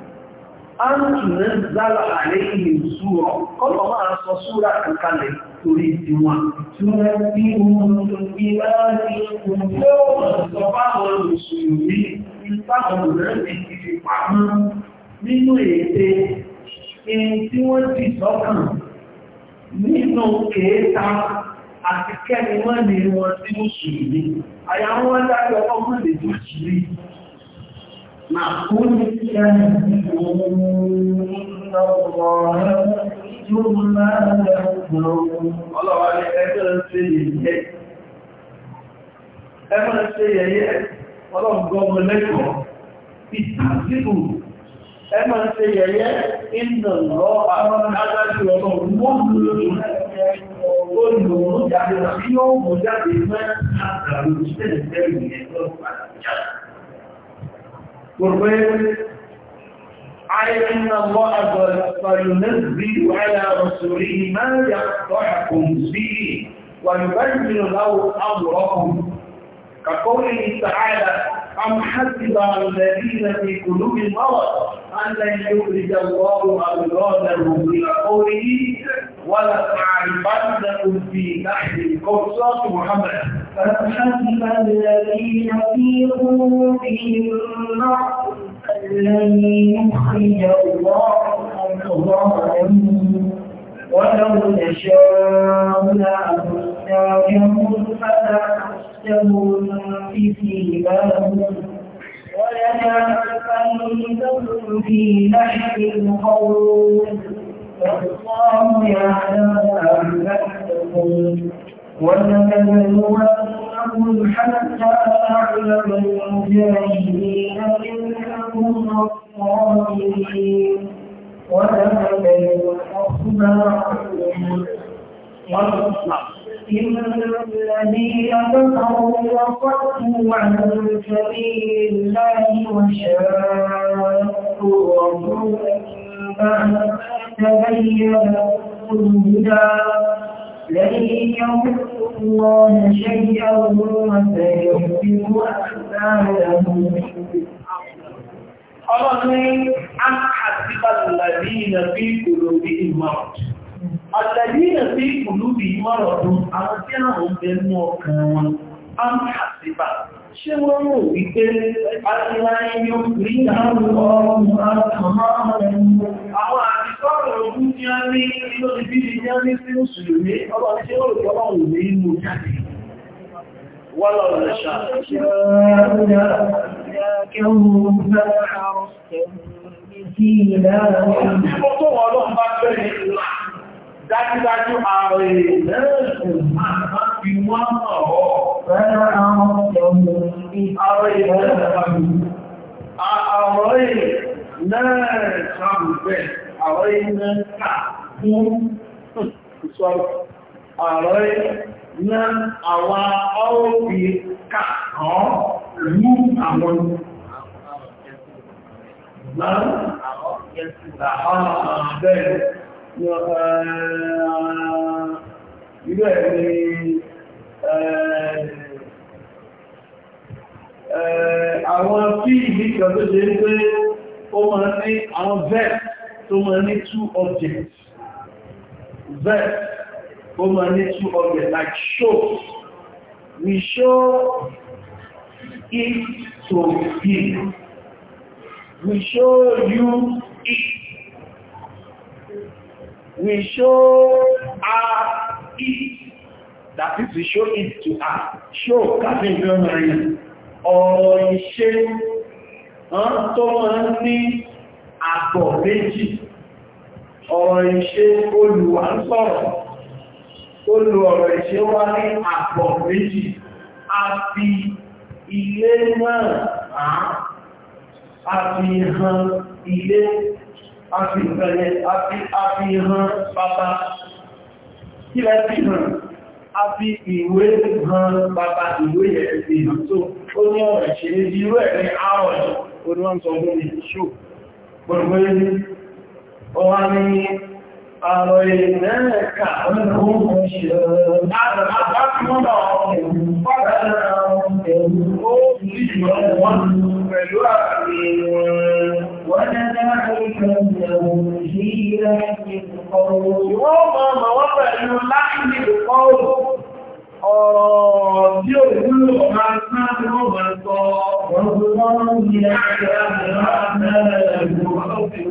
áńtùnú zálà àléyìn súrọ̀ kọ́lọ̀ máa sọ súrà kankanlẹ̀ torí ti wọn tí wọ́n bí wọn tó bí láti kùn tí ó sọ báwọn mùsùlùmí ìpáwọn rẹ̀ ti fi pamọ́ nínú ète ẹni tí wọ́n ti sọ́kàn nínú kèéta àti kẹ́ni wọ́n ni wọ́n tí mùsùlùmí àyàwó wọ́n dákẹ́ ọkọ̀ mọ́ نعم قل شهدوا إن الله مخرج ما يحذرون الله عليك أجل سيئة أما السيئة ọlọ́run gọmọ lẹ́kọ̀ọ́ ìtàzíbù ẹ máa ṣe yẹ̀yẹ́ ìnà lọ àwọn alájú ọlọ́run mọ́ lórí olùrùn jáde tí yóò mú jáde mẹ́ àgbàlójútẹ̀lẹ̀ قربان على أن الله فينزل على رسوله ما يقطعكم به ويبين له أمرهم كقوله تعالى أم حسب الذين في قلوب مرض أن لن يخرج الله أبرارهم إلى قوله تعرفن في نحر الكوثر محمد فحسب الذين في قلوبهم مرض الذي يخرج الله أضغانهم ولو نشاء لأخرجناهم فلا في سيبهم ولنا ولنعرفنهم في نحر القول والله يعلم أعمالكم ولنبلونكم حتى نعلم المجاهدين منكم والصابرين ولنبلو أخبارهم إن الذين كفروا وصدوا عن سبيل الله وشاقوا الرسول من بعد تبين لكم الهدى لن يضر الله شيئا وسيحبط أعمالهم Ọlọ́run àkàtíkàlàbí ìnà bí ìkòlòbí ìmọ̀ràn. Àtàlí ìnà bí ìkòlòbí ìmọ̀ràn ọdún, àwọn tí àwọn ń bẹ mú ọkàn wọn àmàṣìbà ṣé wọ́n rò wípé àtìláyé yóò rí àwọn ọmọ àtàmà àwọn àtìsọ́rọ̀ ogun tí a ní inú ibi ní a ní sí òṣèlú ọlọ́run tí ó rò tọ́lọ́run ní inú jáde wọ́n lọ́rọ̀ lẹ́ṣà Dájúdájú ààrẹ ìlẹ́ẹ̀kùn máa fi wọ́n mọ̀ ọ́ Àwọn Àwọn àwọn ọ́ọ̀bí kàkọ́ mú àwọn náà àwọn ọ̀bẹ̀rẹ̀ Irú ẹ̀ ni àwọn tí ìgbìkà tó ṣe ń pé ó máa ní àwọn vet tó máa ní two objects. Vet ó máa ní two objects like show. We show it to him. We show you it. We show her That is to show it to us. Show Captain Gilmary. Ọ̀rọ̀ ìṣe tó máa ń ní àbọ̀ méjì. Ọ̀rọ̀ ìṣe olùwà ń sọ̀rọ̀. Olù ọ̀rọ̀ ìṣe wá ní àbọ̀ méjì. A fi ilé náà hàn. A fi hàn ilé. A fi ìgbẹ̀rẹ̀. A fi hàn bàbá kílẹ̀ sí hàn a fi ìwé hàn bàbá ìwé yẹ̀ sí hàn tó ó ní ọ̀rọ̀ ìṣẹ́lẹ̀ bí irú ẹ̀ ní àrọ̀ oníwọ̀n sọ fún mi ṣò gbọ́ngbọ́n أريناك المنشر هذا أبقى مضاهم فبناهم ونذلك لهم في لحن القول وما وضع لحن القول ọ̀rọ̀ tí ó wúlò máa sáàrì ọ̀rọ̀ sọ ọ̀rọ̀ lọ́rọ̀ ní àjẹ́ àjẹ́ àjẹ́ àjẹ́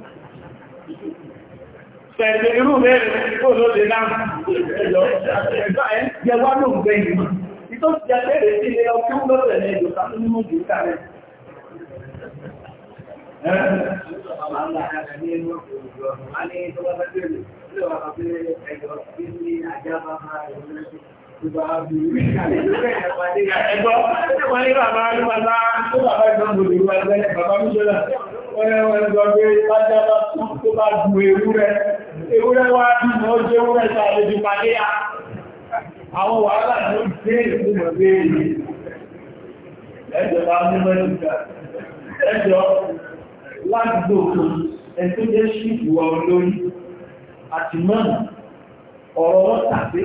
pẹ̀lú irú mẹ́rin kó ló lè náà ẹ̀yọ́ ẹ̀gbá ẹ̀ jẹwà ló ń gbé ìmọ̀ ìtò ti jẹ́ pẹ̀lẹ̀ sí ilẹ̀ ọkí ń lọ́sẹ̀ ní ìjọ sáà nínú ìjọ kàrẹ̀ ẹ̀rẹ́ Ẹgbọ́n, wọ́n ní bàbá Alúbàbá, tó bàbá ìjọ́nbò lè wà lẹ́yìn bàbá Mísọ́lá, wọ́n ní wọ́n gbọ́ pé bájá bá tó bá ju ewúrẹ́, ewúrẹ́ wá bí mọ́ jẹ́ ewúrẹ́ sàrẹ́ bí pàdéyà. Àwọn wàhálà ló dé ìgbìmọ̀ dé èyí. Ẹjọ́ bá mú mẹ́lúkà. Ẹjọ́, lágbòkò, ẹ̀ tó jẹ́ ṣíìpù wa olórí, àtìmọ́nà, ọ̀rọ̀ wọ́n tàbí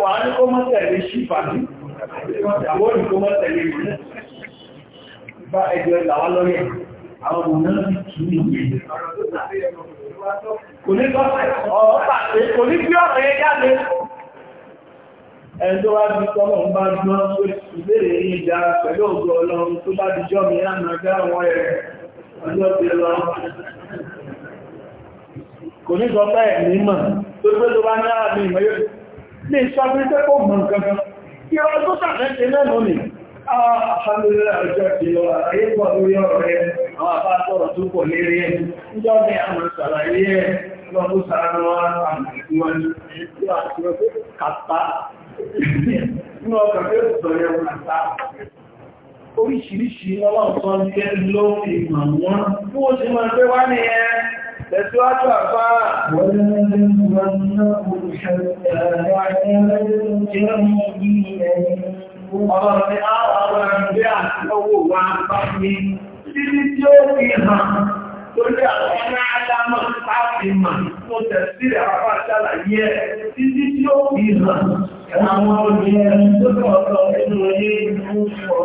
Wà á ní kó mọ́ tẹ̀lé ṣífà ní, àwọn òní kó mọ́ tẹ̀lé ìrìnlẹ̀. Bá ẹgbẹ́ ìlàwà lórí àwọn òmìnà ti kì í ìwé. Kò ní bá ọ̀rọ̀ pàtẹ́, kò ní bí ọ̀rọ̀ wá bí kò ní sọ pé mímọ̀ tó gbé tó bá ní ààbí ìmọ̀ yóò lè sọ kò mọ̀ nǹkan kí ọ tó sàfẹ́ ṣe ọlọ́ọ̀tọ́ ní ló ìmọ̀ wọn bí ti máa gbé wá ní ẹ Tẹ̀síwájú àfáà. Wọ́n Ọlọ́run ni a wà wọ́n ń gbé àti ọwọ́ wa bá ní títí tí ó fi hàn torí àwọn ọmọ adámọ̀ láti mà tó tẹ̀sí àwọn àṣàlàyé ẹ̀ títí tí ó fi hàn àwọn ọmọ ẹni tó tọ̀ọ̀tọ̀ nínú yé ìlú ọ̀tọ̀.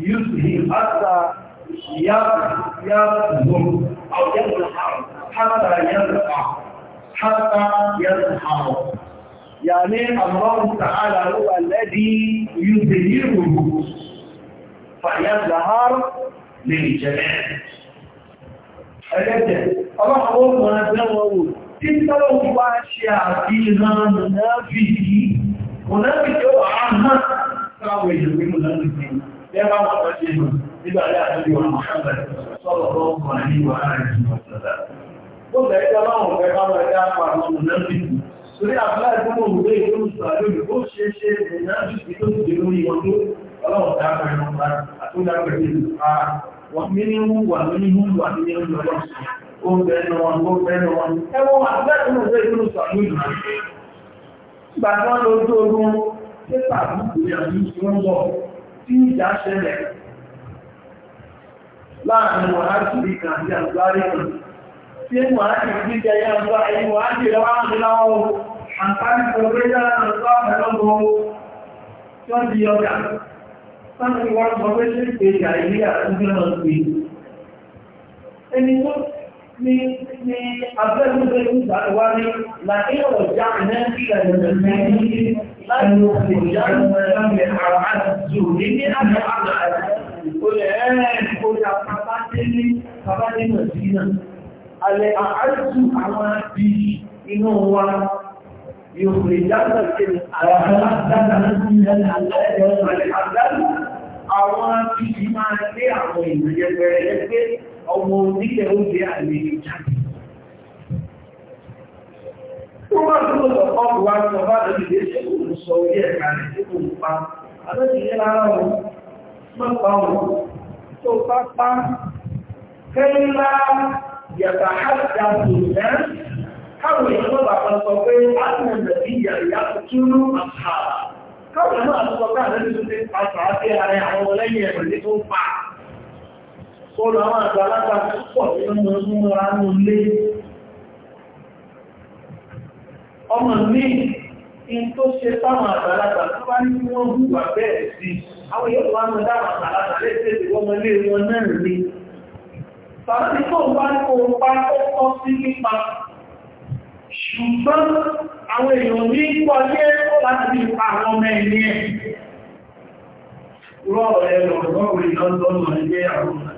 يسهي حتى يظهر أو يظهر حتى يرفع حتى يظهر يعني الله تعالى هو الذي يظهره فيظهر للجمال ẹlẹ́tẹ̀ ọlọ́pàá ọmọ ẹgbẹ́wọ̀n wò tí tọ́lọ́pù bá ṣe àfihàn mọ̀náfìkì mọ̀náfìkì ó wà á hàn sáwọn èèyàn pé mọ̀náfìkì Ẹgbà wọn tó ṣe lò nígbà tí a tó di wọn Mọ̀ṣọ́lẹ̀ sọ́rọ̀ tó ń kọ̀ ní ìwà ààrẹ jù ọ̀sọ̀dá. Ó lẹ́ ẹjọ́ láwọn ọ̀fẹ́ bá wọn ẹjá pa àwọn ọmọ náà bìbù. Torí àbúrá ìgbóhùn òwúrẹ́ ìlú ìsàlóyè ó ṣe é ṣe ìrìnà bìbì tó ti lórí wọn tó ọlọ́run dápẹ́ wọn pa àtúndàpẹ́ ìlú pa wọn mímú wà mímú wà mímú lọ́wọ́ ó ń bẹ̀rẹ̀ wọn ó bẹ̀rẹ̀ wọn. Ẹwọ́n àbúrá ìgbóhùn òwúrẹ́ ìlú ìsàlóyè Ìgbàgbọ́n lójú ogun pépà búkú tí ìjà ṣẹlẹ̀ láàrin wàhálì kan àti àgbárí kan tí wàhálì kan jẹ́ yá ń bá ẹni wàhálì lọ́wọ́ àmìláwọ̀ àǹkárí pẹ̀lú yára lọ́wọ́ àmìlọ́gbọ̀ tí wọ́n di ọjà sáàrin wọ́n sọ pé ṣe ìpè ìjà ilé àtúgbẹ́ ni ni abẹ́rù bẹ́rù ìgbàlọ́wà ní láàrin ọ̀já ìrẹ́sì ẹ̀rẹ̀lẹ̀ mẹ́rin láàrin ọ̀já ìrẹ́sì àwọn àjò ní ní àjọ àjọ olè ẹ̀rẹ́ orí àpapátélé pàpátélé mẹ́sìnà alẹ́ àjò àwọn àbí inú wa yóò lè dáadáa kéré àwọn àjọ àwọn àbí máa lé àwọn ìrìnlẹ̀ ọmọ onílẹ̀ oúnjẹ àlejò jáde. Tó bá tó lọ ọkọ̀ wá sọ bá lọ ìdè ṣe kò ń sọ orí ẹ̀ka rẹ̀ tí kò ń pa. Àlọ́jì ní lára wọn, máa pa wọn. Tó bá pa, kẹ́lá yàtà ájà tó ná. Káwọn èèyàn náà bàbá sọ pé àwọn ọ̀dọ̀ ìyà ìyá túnú àṣà. Káwọn náà sọ pé àlejò ti pa sàáfẹ́ ààrẹ àwọn ọlẹ́yìn ẹ̀rọ ní tó ń pa. Sọ́lọ́ àwọn àgbàlagbà púpọ̀ tí ó mọ̀ ń múra ní ilé. Ọmọ ní in tó ṣe táwọn àgbàlagbà tó bá ní wọ́n hùwà bẹ́ẹ̀ sí, àwọn yóò wá mọ́ dáwọn àgbàlagbà lẹ́sẹ̀ tí wọ́n mọ́lé wọn náà rí. Tàbí tó bá kó pa kọ́kọ́ sí nípa. Ṣùgbọ́n àwọn èèyàn ní pọ́lé láti bí àwọn ọmọ ẹni ẹ̀. Rọ́ọ̀rẹ́ lọ̀rọ̀ lọ́rọ̀ ẹgbẹ́ àwọn ọmọ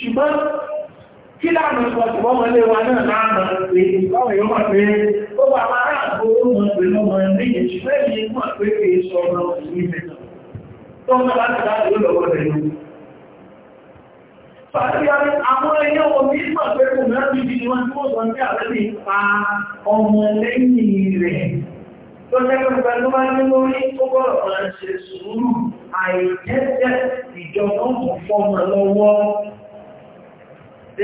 ṣùgbọ́n kí láàmù ìpọ̀tùpọ̀ wọlé wa náà láàmù pé ìpáwọn èèyàn mọ̀ pé ó wà máa ráàbò ó mọ̀ pé lọ́mọ ní ìṣúlẹ̀ yìí mọ̀ pé kì í sọ ọ̀rọ̀ ìlú ìfẹ́ náà tó ń bá láti láti ó rẹ̀ lọ tó lẹ́gbẹ̀ẹ́ pẹ̀lú wá ní lórí tó gbọ́rọ̀ ọ̀rẹ́ ṣe sùúrù àìjẹ́jẹ́ ìjọba kò fọ́mọ lọ́wọ́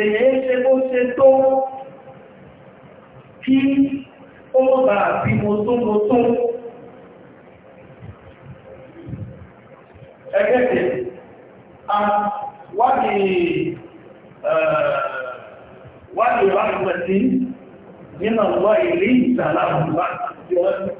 èyí ṣe bó ṣe tó kí ó bá bí mo tó mo tó ẹgbẹ́gbẹ́ wádìí ránkùnrin nínú ọ̀rọ̀ ilé ìsàlámù láti ọdún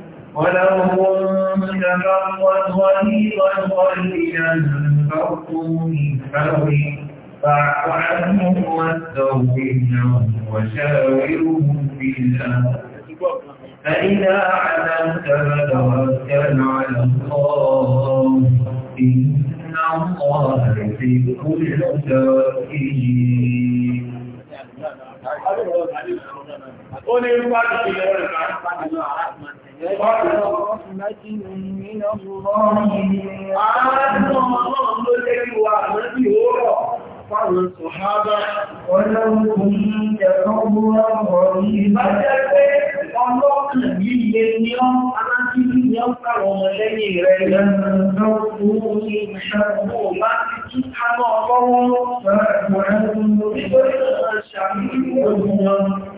ولو كنت فظا غليظ القلب من حولك فاعف واستغفر لهم وشاورهم في الامر فإذا عزمت فتوكل على الله إن الله يحب المتوكلين Ó ní ń bá ìṣẹ̀lẹ̀ Fáwọn sọ̀hábá ọlọ́run ìjẹ̀kọ́gbọ́ ọ̀rọ̀ ìbájẹ́ pé ọlọ́kùn líle ní ọ́ alájíjú ní ọ́ káwọn ọmọ lẹ́yìn rẹ̀ lọ́rùn ní ìṣẹ́gbọ́ bá ti túká náà lọ́wọ́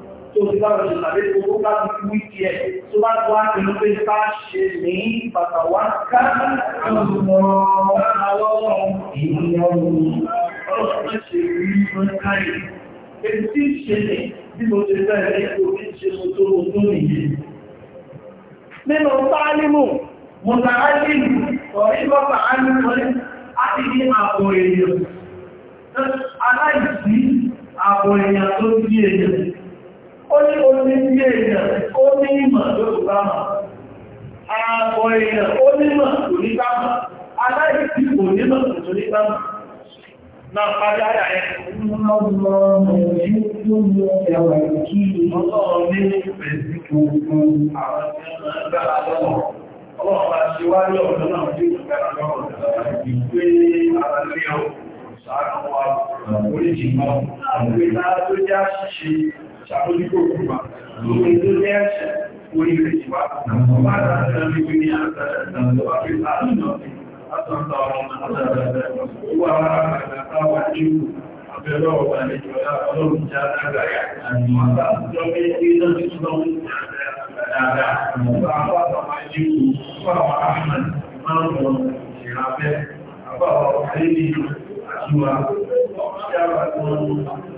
tó ti lára ṣe tàbí owó láti fi wí ti ẹ̀ tó bá tó wá nínú pé bá ṣe ní bàtà wá káàkiri Nínú tálímù, Mùsàájìmù, ọ̀rígbọ́ta ánìkọ́lé, a ti ní àpò èèyàn. Aláìsí àpò èèyàn tó bí èèyàn ó ní oní bí èèyàn ó ní ìmọ̀ tó tó bá mọ̀ èèyàn ó nímọ̀ tó ní bá aláìsí kò nímọ̀ tó ní bá mọ̀ parí àyà ẹ̀ Ọlọ́run bá ṣe wá ní ọ̀dọ́ náà tí ó gbẹ̀rẹ̀ lọ́rọ̀ ìgbé ara lé ọ̀ sàánà wa oríjì náà, àwọn ìgbé náà tó já ṣíṣe ṣàbójúkò kúrò ní ilé ẹ̀ṣẹ̀ orí rẹ̀ ṣùgbà ọba àtàrà ní wí ní àtàrà ìdàgbà pé àrùnà àtàrà ọmọ àtàrà ìwà àtàrà ìlú àbẹ̀rẹ̀ ọba àlejò ọlọ́run jẹ́ àgbàyà àti màtà àjọ méjì náà ti sọ dáadáa àbá àtàrà ìlú fáwọn àmàlì máa ń lọ ìrànlẹ́ àbá ọ̀rọ̀ àìlè àjúwa ọ̀pọ̀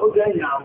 Ó jẹ́ ìyàwó.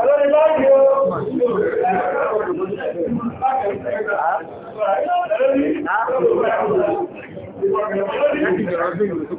Ọlọ́rin láàrín ó. Ọlọ́rin láàrín ó.